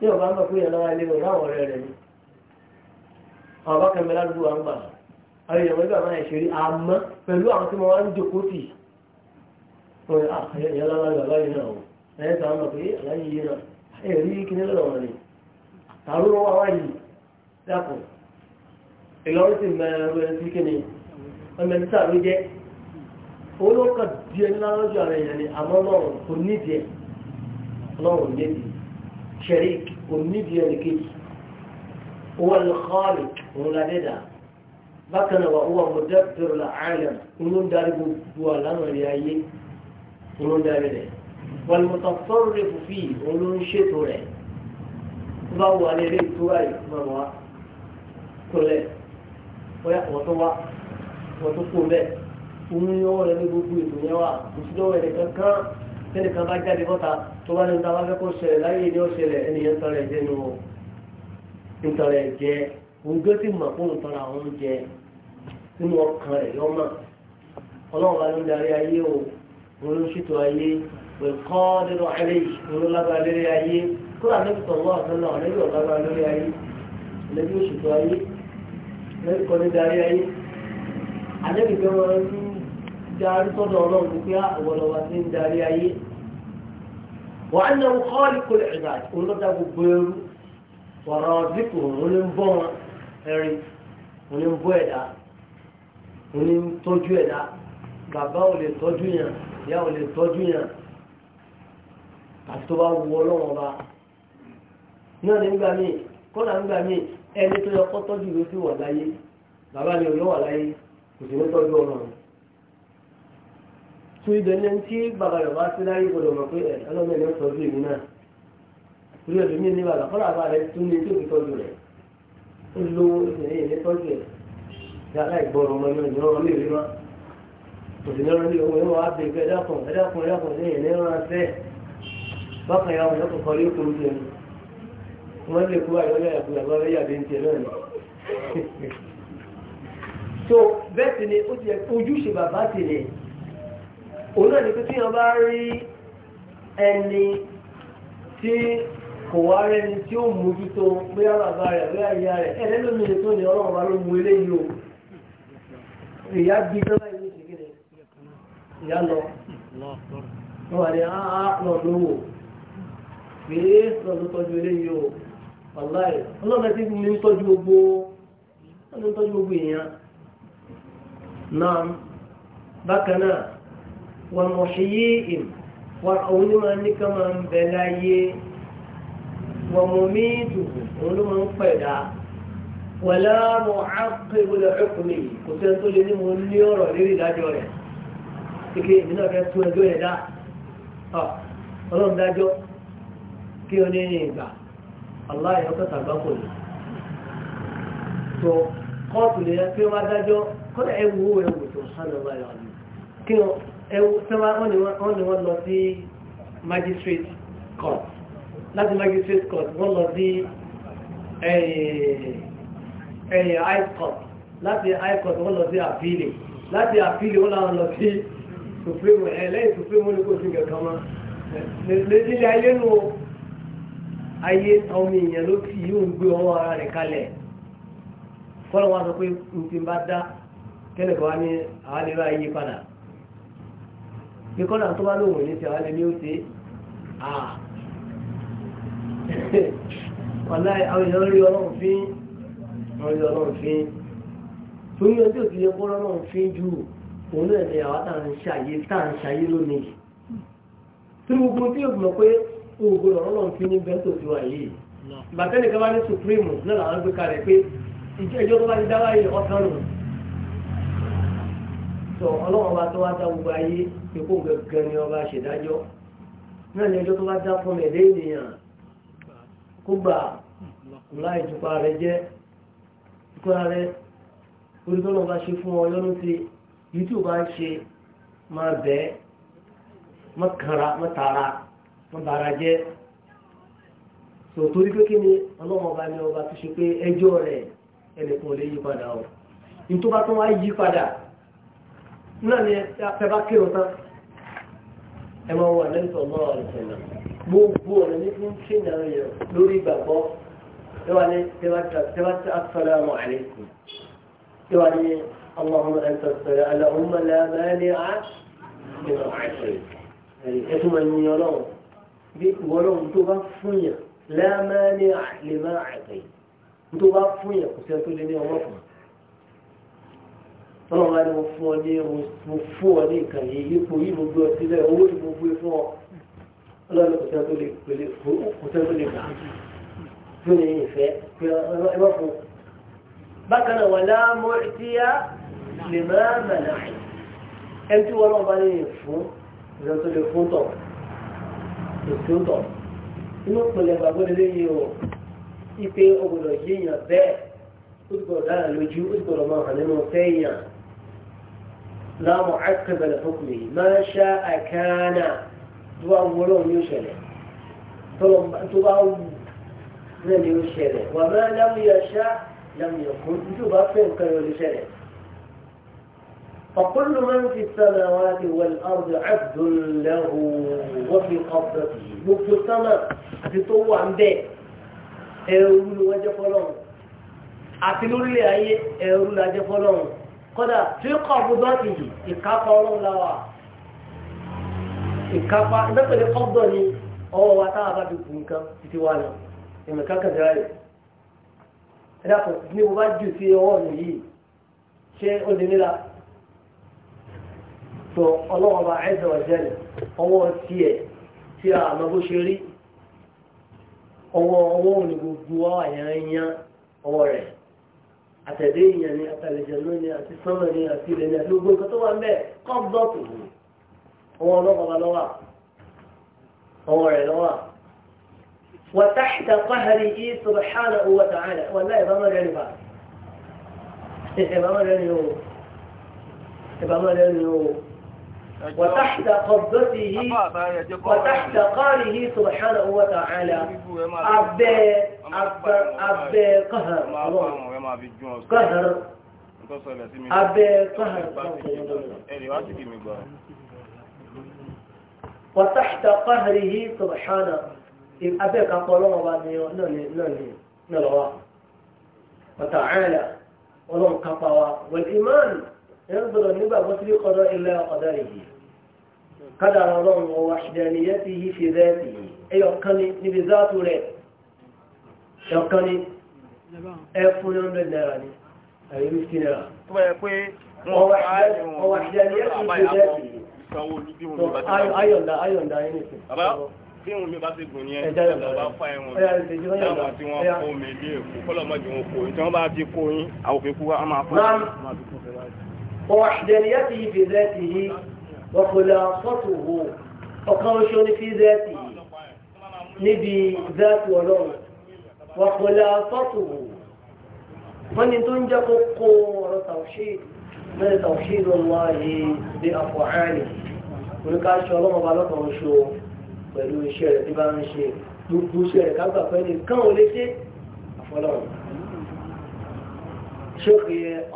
S1: tí ọba ń bọ̀ pé ìyànlọ́wọ́ ilé wọn láwọn ọ̀rẹ́ rẹ̀ ni àwọn bá kẹmẹ́lá dúró àwọn gbà àwọn èèyàn wọn gbà máa ṣeré àmọ́ pẹ̀lú àwọn tí wọ́n wá ń jòkó tì wọ́n yà ìyànlọ́wọ́ ìgbà báyìí náà o ẹ̀yẹ́ sàn án bọ̀ pé àlàyé yìí náà ẹ̀ rí kíní lọ́wọ́ wọn ni tààrú wọn wá yìí dákun ìlọrin sì mẹ́rin ẹ̀rọ ẹni tí kíni ọmọ ẹni tààrú jẹ́ olókàdí ẹni lálọ́jọ́ àrẹ̀yìn ni àmọ́ náà kò nídìí شريك والميديا لكيس هو الخالق هو لدينا بكنا وهو مدبر العالم ومن داربه ولم يأيه ومن داربه والمتصرف فيه ومن شطره فهو عليه تواي مروا كله وتوا وتقوم به ومن يورد بقوة ومن يورد بقوة tẹ́lẹ̀ kan bá jáde bọ́ta tó bá ní ń tàbá fẹ́ kó ṣẹlẹ̀ láyé ni ó ṣẹlẹ̀ ènìyàn tọrẹ jẹ ní o ìtọrẹ jẹ ògbé tí mọ̀ fún ìtọrẹ àwọn oúnjẹ nínú ọkàn rẹ̀ yọ́mà ọlọ́run bá ló ń darí ayé o mo ló ń ṣètò ayé pẹ̀kọ́ nínú ayé mo ló lágbára lórí ayé kó làwọn ẹbí tọ̀wọ́ àtọ́nà ọ̀lẹ́bí ọ̀lágbára lórí ayé ọ̀lẹ́bí ó ṣètò ayé ọ̀lẹ́bí kan ní darí ayé àlẹ́bí kan máa ń darí sọ́dọ̀ ọlọ́run pé àwọn ọlọ́wà ti ń darí ayé وأنه خالق العباد ونبدأ بيرو ورازقهم ونبون ẹ̀rí onímbó ẹ̀dá onítọ́jú ẹ̀dá bàbá ò lè tọ́jú yàn ìyá ò lè tọ́jú yàn àti tó bá wu ọlọ́wọ́n bá náà nígbà míì kọ́nà nígbà míì ẹni tó yẹ kọ́ tọ́jú ìwé sí wà láyé bàbá ni olówó wà láyé kò sì ní tọ́jú ọmọ tó ibẹ̀ ní ẹni tí bàbá rẹ̀ bá sí láyé gbọdọ̀ mọ̀ pé ọlọ́mọ ẹ̀ tọ́jú èmi náà torí ẹ̀dùn mí ní bàbá kọ́lá bá rẹ̀ tún ní tó fi tọ́jú rẹ̀ ó lo ìṣẹ̀lẹ̀ yìí ní tọ́jú ẹ̀ ní aláìgbọ́rọ̀ ọmọ yẹn ní ọmọ ìrírí wa òṣèlú ọmọ yẹn wọ́n wá bèè pé ẹ̀dàkùn ẹ̀dàkùn ẹ̀dàkùn ni so bẹ́ẹ̀ sì ojúṣe bàbá ti ni òun náà ni pé tí wọ́n bá rí ẹni tí kò wá rẹni tí ó mójútó bóyá bàbá rẹ̀ bóyá ìyá rẹ̀ ẹ̀rẹ́ ló mìíràn tó ní ọlọ́run bá ló mú eléyìí o ìyá bí tọ́lá ìlú ṣe kéde ìyá lọ wọ́n wà ومحييهم وأولما نكما بلاي ومميتهم أولما فدا ولا معقب لحكمه كنت لي من يرى لي لا جوري تكي من أكيد سوى جوري دا آه ọlọ́run dájọ́ kí o ní ní ìgbà aláyọ̀ kọta gbáko lè tó kọ́ọ̀tù lè kí o má dájọ́ kọ́ọ̀tù ẹ̀wù ẹ̀wù tó hàn lọ́wọ́ ẹ̀wù kí o wọ́n ni wọ́n lọ sí magistrate court láti magistrate court wọ́n lọ sí high court láti high court wọ́n lọ sí àfíìlì láti àfíìlì wọ́n lọ sí supreme ẹlẹ́yìn supreme ní kò sí kankan mọ́ lẹ́sílẹ̀ ayé nu ayé ọmọ èèyàn ló fi yíò ń gbé ọwọ́ ara rẹ̀ kalẹ̀ fọ́lọ́wọ́n sọ pé nǹkan bá dá kẹ́lẹ̀kọ́ wá ní àwọn àlebá yí padà. bí kọ́nà tó bá lóhùn ní ti àwọn ẹlẹ́mí ó ṣe wàlá àwọn èèyàn rí ọlọ́run fín wọ́n rí ọlọ́run fín torí ọjọ́ òkè yẹ kọ́nà ọlọ́run fín ju òun náà ni àwọn tá à ń ṣàyé tá à ń ṣàyé lónìí tí gbogbo tí yóò mọ̀ pé oògùn ọlọ́run fín ní bẹ́ńtò ti wà yìí bàtẹ́lẹ̀ kan bá ní supreme náà làwọn gbé kalẹ̀ pé ìjọ tó bá ti dá wáyé ọ̀sán nù. sọ ọlọ́run bá tó wá dá gbogbo ayé ikú gẹ́gẹ́ ni ọba ṣèdájọ́ náà ni ẹjọ́ tó bá dá fún ẹ̀dẹ́ ènìyàn kó gbà láì tupa rẹ jẹ́ ìkúra rẹ orítọ́nà bá ṣe fún ọ lọ́nà tí yìí tí ò bá ń ṣe máa bẹ́ mọ́kànra mọ́tara mọ́bara jẹ́ tòótórí pé kí ni ọlọ́mọ ọba ni ọba tó ṣe pé ẹjọ́ rẹ̀ ẹnìkan lè yí padà ọ̀ nítorí bá tún wá yí padà náà ni ẹ bá kírun tán كما هو النبي صلى الله عليه وسلم بو بو لنكن شنا ريو لوري بابا يعني تبت السلام عليكم يعني اللهم انت السلام اللهم لا مانع من رعيتك يعني اسم النيران بيك ولو تغفني لا مانع لما عطيت تغفني كنت تقول لي اللهم tọ́lọ́ máa ní mo fún ọ ní mo fún ọ ní nǹkan yìí ipò yìí mo gbé ọ sílẹ̀ owó ni mo gbé fún ọ ọlọ́run kò sẹ́ni tó lè pèlè kò sẹ́ni tó lè gbà tó ní ìfẹ́ ẹ bá fún bákan náà wà láàmú ìtìyà lè má mànà ẹni tí wọn náà bá ní ìfún ìrẹsì tó lè fún tọ̀ ètò tọ̀ inú pẹ̀lẹ́ gbàgbọ́ lélẹ́yìn o ipe ọgbọ̀dọ̀ yéèyàn bẹ́ẹ̀ ó ti gbọ́dọ̀ dára lójú ó ti gbọ́dọ̀ máa hàn nínú fẹ́ yàn. لا معقب لحكمه ما شاء كان دعاء يشله يشرع دعاء لم يشرع وما لم يشاء لم يكن دعاء كي يشله فكل من في السماوات والأرض عبد له وفي قبضته مكتب السماء أتطوع عن بيت ẹrù ló wájẹ́ fọ́lọ́run àti lórílẹ̀ ayé ẹrù ló kódà tí kọ̀bùdọ́ ti yìí ìkápá ọlọ́run láwà ìkápá ìdọ́pẹ̀lẹ̀ kọ́bùdọ́ ni ọwọ́ wa táwa bá fi gùn kan títí wà lọ èmi kankan ti ráyè ẹ dàpọ̀ ní mo bá jù sí ọwọ́ mi yìí ṣé ó lè nílà tó ọlọ́run bá ẹ̀sẹ̀ wà jẹ́lẹ̀ ọwọ́ tiẹ̀ tí a àmọ́ bó ṣe rí ọwọ́ ọwọ́ òní gbogbo àyàn ẹ̀yàn ọwọ́ rẹ̀. àtẹ̀dé èèyàn ni àtàlẹ̀jẹ̀nú ni àti sánmà ni وتحت قهره إيه سبحانه وتعالى والله إبا ما جاني بعد إبا ما جاني هو إبا ما جاني هو وتحت قبضته وتحت قهره سبحانه وتعالى أبي أبي أبي قهر الله máa fi jún ọ̀sán.
S2: kọ́hán abẹ́ kọ́hán
S1: ẹ̀rì wá sí kì mí gbọ́. wàtàkìtà kọ́hán yìí subhana abẹ́ kápọ̀ ọlọ́run wa ni náà ni náà lọ́wọ́ wàtàkìtà ọlọ́run kápá wa wẹ̀lì imáàlì ẹ̀rọ gbọ́dọ̀ nígbà bó ti kọ́dọ̀ ilẹ̀ ọ̀dà yìí kádàrà ọlọ́run ọwọ́ ẹ fún ní ọ̀nà náírà ni àyè ní sí náírà. tó bá yẹ pé wọ́n ọwọ́ ìdí ẹni ẹ̀sìn tó jẹ́ ayọ̀ǹda ayọ̀ǹda ẹni sìn. bàbá tí wọn mi bá ti gùn yẹn bàbá fa ẹ̀wọ̀n táwọn tí wọ́n kó mi lé èkó kọ́lọ̀ mọ́jú wọn kó ọwọ́ ìdí وخلافته من تنجق قور توحيد من توحيد الله بأفعاله ونكاش الله مبالغ ونشوف pẹ̀lú iṣẹ́ rẹ̀ tí bá ń ṣe gbogbo iṣẹ́ rẹ̀ kágbà pẹ̀lú kán ò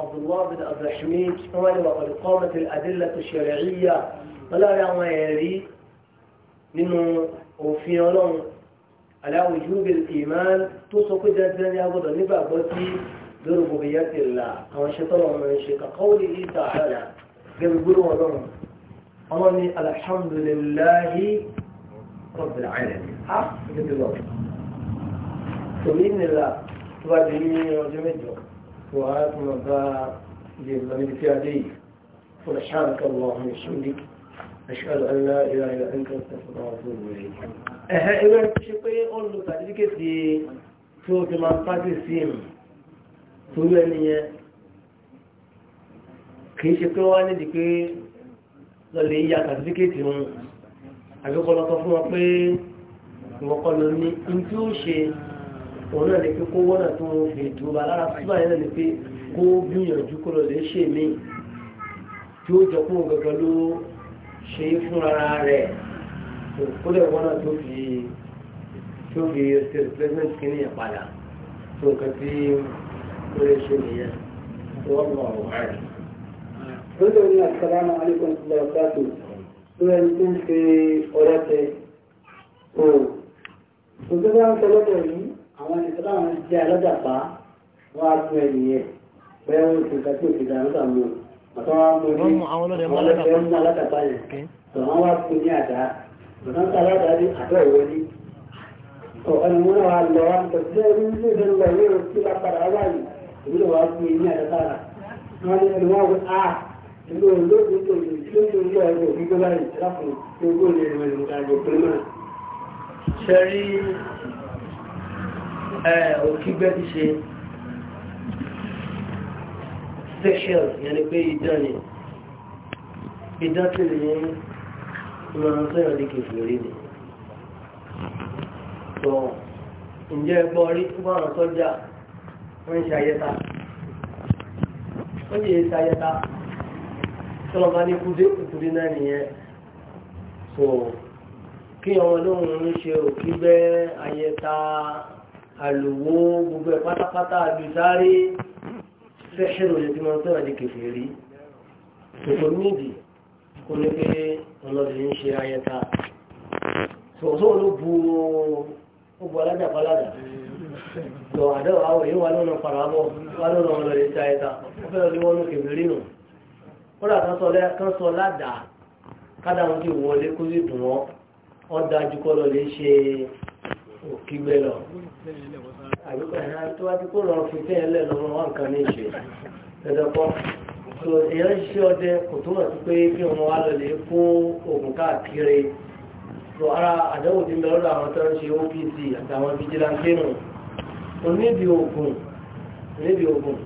S1: عبد الله بن عبد الحميد قال وقد قامت الأدلة الشرعية ولا يعمل يري منه وفي يوم على وجوب الإيمان توصف جدا يا أبو ظنبا بوتي بربوبية الله كما شطر من شيخ قوله تعالى يقولوا لهم أمني الحمد لله رب العالمين ها جد الله سبحان الله تبادلين وجمجوا وهذا ذا لمن في هذه سبحانك اللهم وبحمدك أشهد أن لا إله إلا أنت أستغفرك وأتوب إليك ẹ̀hẹ́ ewé tó ṣe pé ó lo sàtífíkẹ́tì tó fi máa pàṣẹ sí ìmù torí ẹni yẹn kì í ṣe pé wọ́n á pé lọ́lẹ̀ yíya sàtífíkẹ́tì wọn àgbékọ́lọ́tọ́ fún wọn pé ìwọ́kọ́ ló ní tí ó ṣe òun náà ní pé kó wọ́n náà tó ń fi ìdúró lára síbà yẹn náà pé kó gbìyànjú kó lọ lè ṣe mí tí kó lè wọ́n náà tó fi tó fi ṣe replacement kí ní ìpadà tó nǹkan tí ó lè ṣe nìyẹn tó wọ́n lọ ọ̀rọ̀ rẹ̀. lóde ní asalaamu alaykum wa rahmatulahi tó yẹ kí n ṣe ọ̀rẹ́ tẹ o òṣèlú àwọn ọ̀sẹ̀lọ́tọ̀ yìí àwọn ìṣẹ̀lẹ̀ àwọn jẹ́ alájàpá wọ́n á tún ẹ̀yìn yẹn bẹ́ẹ̀ wọ́n ti nǹkan tí ò ti dà nígbà mú àtàwọn ọmọ ní àwọn ọlọ́dẹ mú alájàpá yẹn tọ̀ wọ́n wá fún ní àdá ọ̀nà tí aládarí àdọ́ ìwọlé ọ̀nà múlò wa lọ wa tẹ̀sílẹ̀ ní ilé ìfẹ́ lọ ilé òkú lápára wáyé ìwúlò wa fún yín ní àdására wọn ní ẹni wọn wọ a ìlú olóògbé tó ìlú tí ó ń lọ ẹgbẹ́ òfin gbọ́dọ̀ yìí láfún gbogbo ilé ìwé ìlú àgbẹ̀ òfin náà. sẹ́rí òkígbẹ́ ti ṣe special yẹn ni pé ìdán ni ìdán ti nìyẹn ìrọ̀rùn sọ̀rọ̀ ní kìfìrí ni tó ǹjẹ́ ẹgbọ́ rí fún àwọn sọ́jà wọ́n ń ṣe ayẹta wọ́n lè ṣe ayẹta tí wọ́n bá ní kúdé kúdé náà nìyẹn so kí ọmọ lóhun ń ṣe òkí bẹ́ ayẹta àlùwò gbogbo ẹ̀ pátápátá àlùsáré fẹ́ṣẹ̀rò lè fi mọ́ sọ̀rọ̀ ní kìfìrí kò nídìí kò ní pé ọlọ́dún ń ṣe ayẹta tòótọ́ ló bu ó bu alájà palájà lọ àdáwà àwọ̀ yíwá lọ́nà parabọ́ wá lọ́nà ọlọ́dún ṣe ayẹta ó fẹ́ lọ́dún wọn ló kèbèrè nù kódà kan sọ ládàá kádà wọn ti wọlé kó sì dùn wọn ọ dájú kọ́ lọ lè ṣe òkígbẹ́ lọ àbíkọ́ ẹ̀hán tó wá kó lọ fi tẹ́yẹ lẹ́ lọ́wọ́ wọn kan ní ìṣe ẹ̀dọ́kọ́ so èèyàn ń ṣe ọdẹ kò túmọ̀ sí pé kí wọn wá lọ fún oògùn káàkiri so ara àdánwò ti ń bẹ lọ́dọ̀ àwọn tó ń ṣe opc àtàwọn fijilanté nù oníbi oògùn oníbi oògùn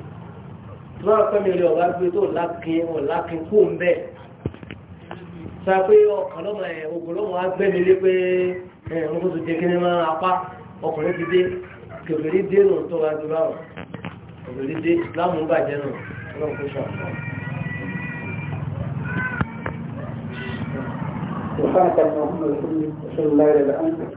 S1: tó bá pẹ́ mi lé ọ̀gá gbé tó lákin ọ̀ lákin kó ń bẹ̀ sọ pé ọkàn lọ́mọ ẹ̀ oògùn lọ́mọ á gbẹ́ mi lé pé ẹ̀ ń kó tó jẹ́ kí ni máa apá ọkùnrin ti dé kèfèrí dé nù tó bá ti bá wọn dé láàmú nù. سبحانك
S2: اللهم وبحمدك اشهد لا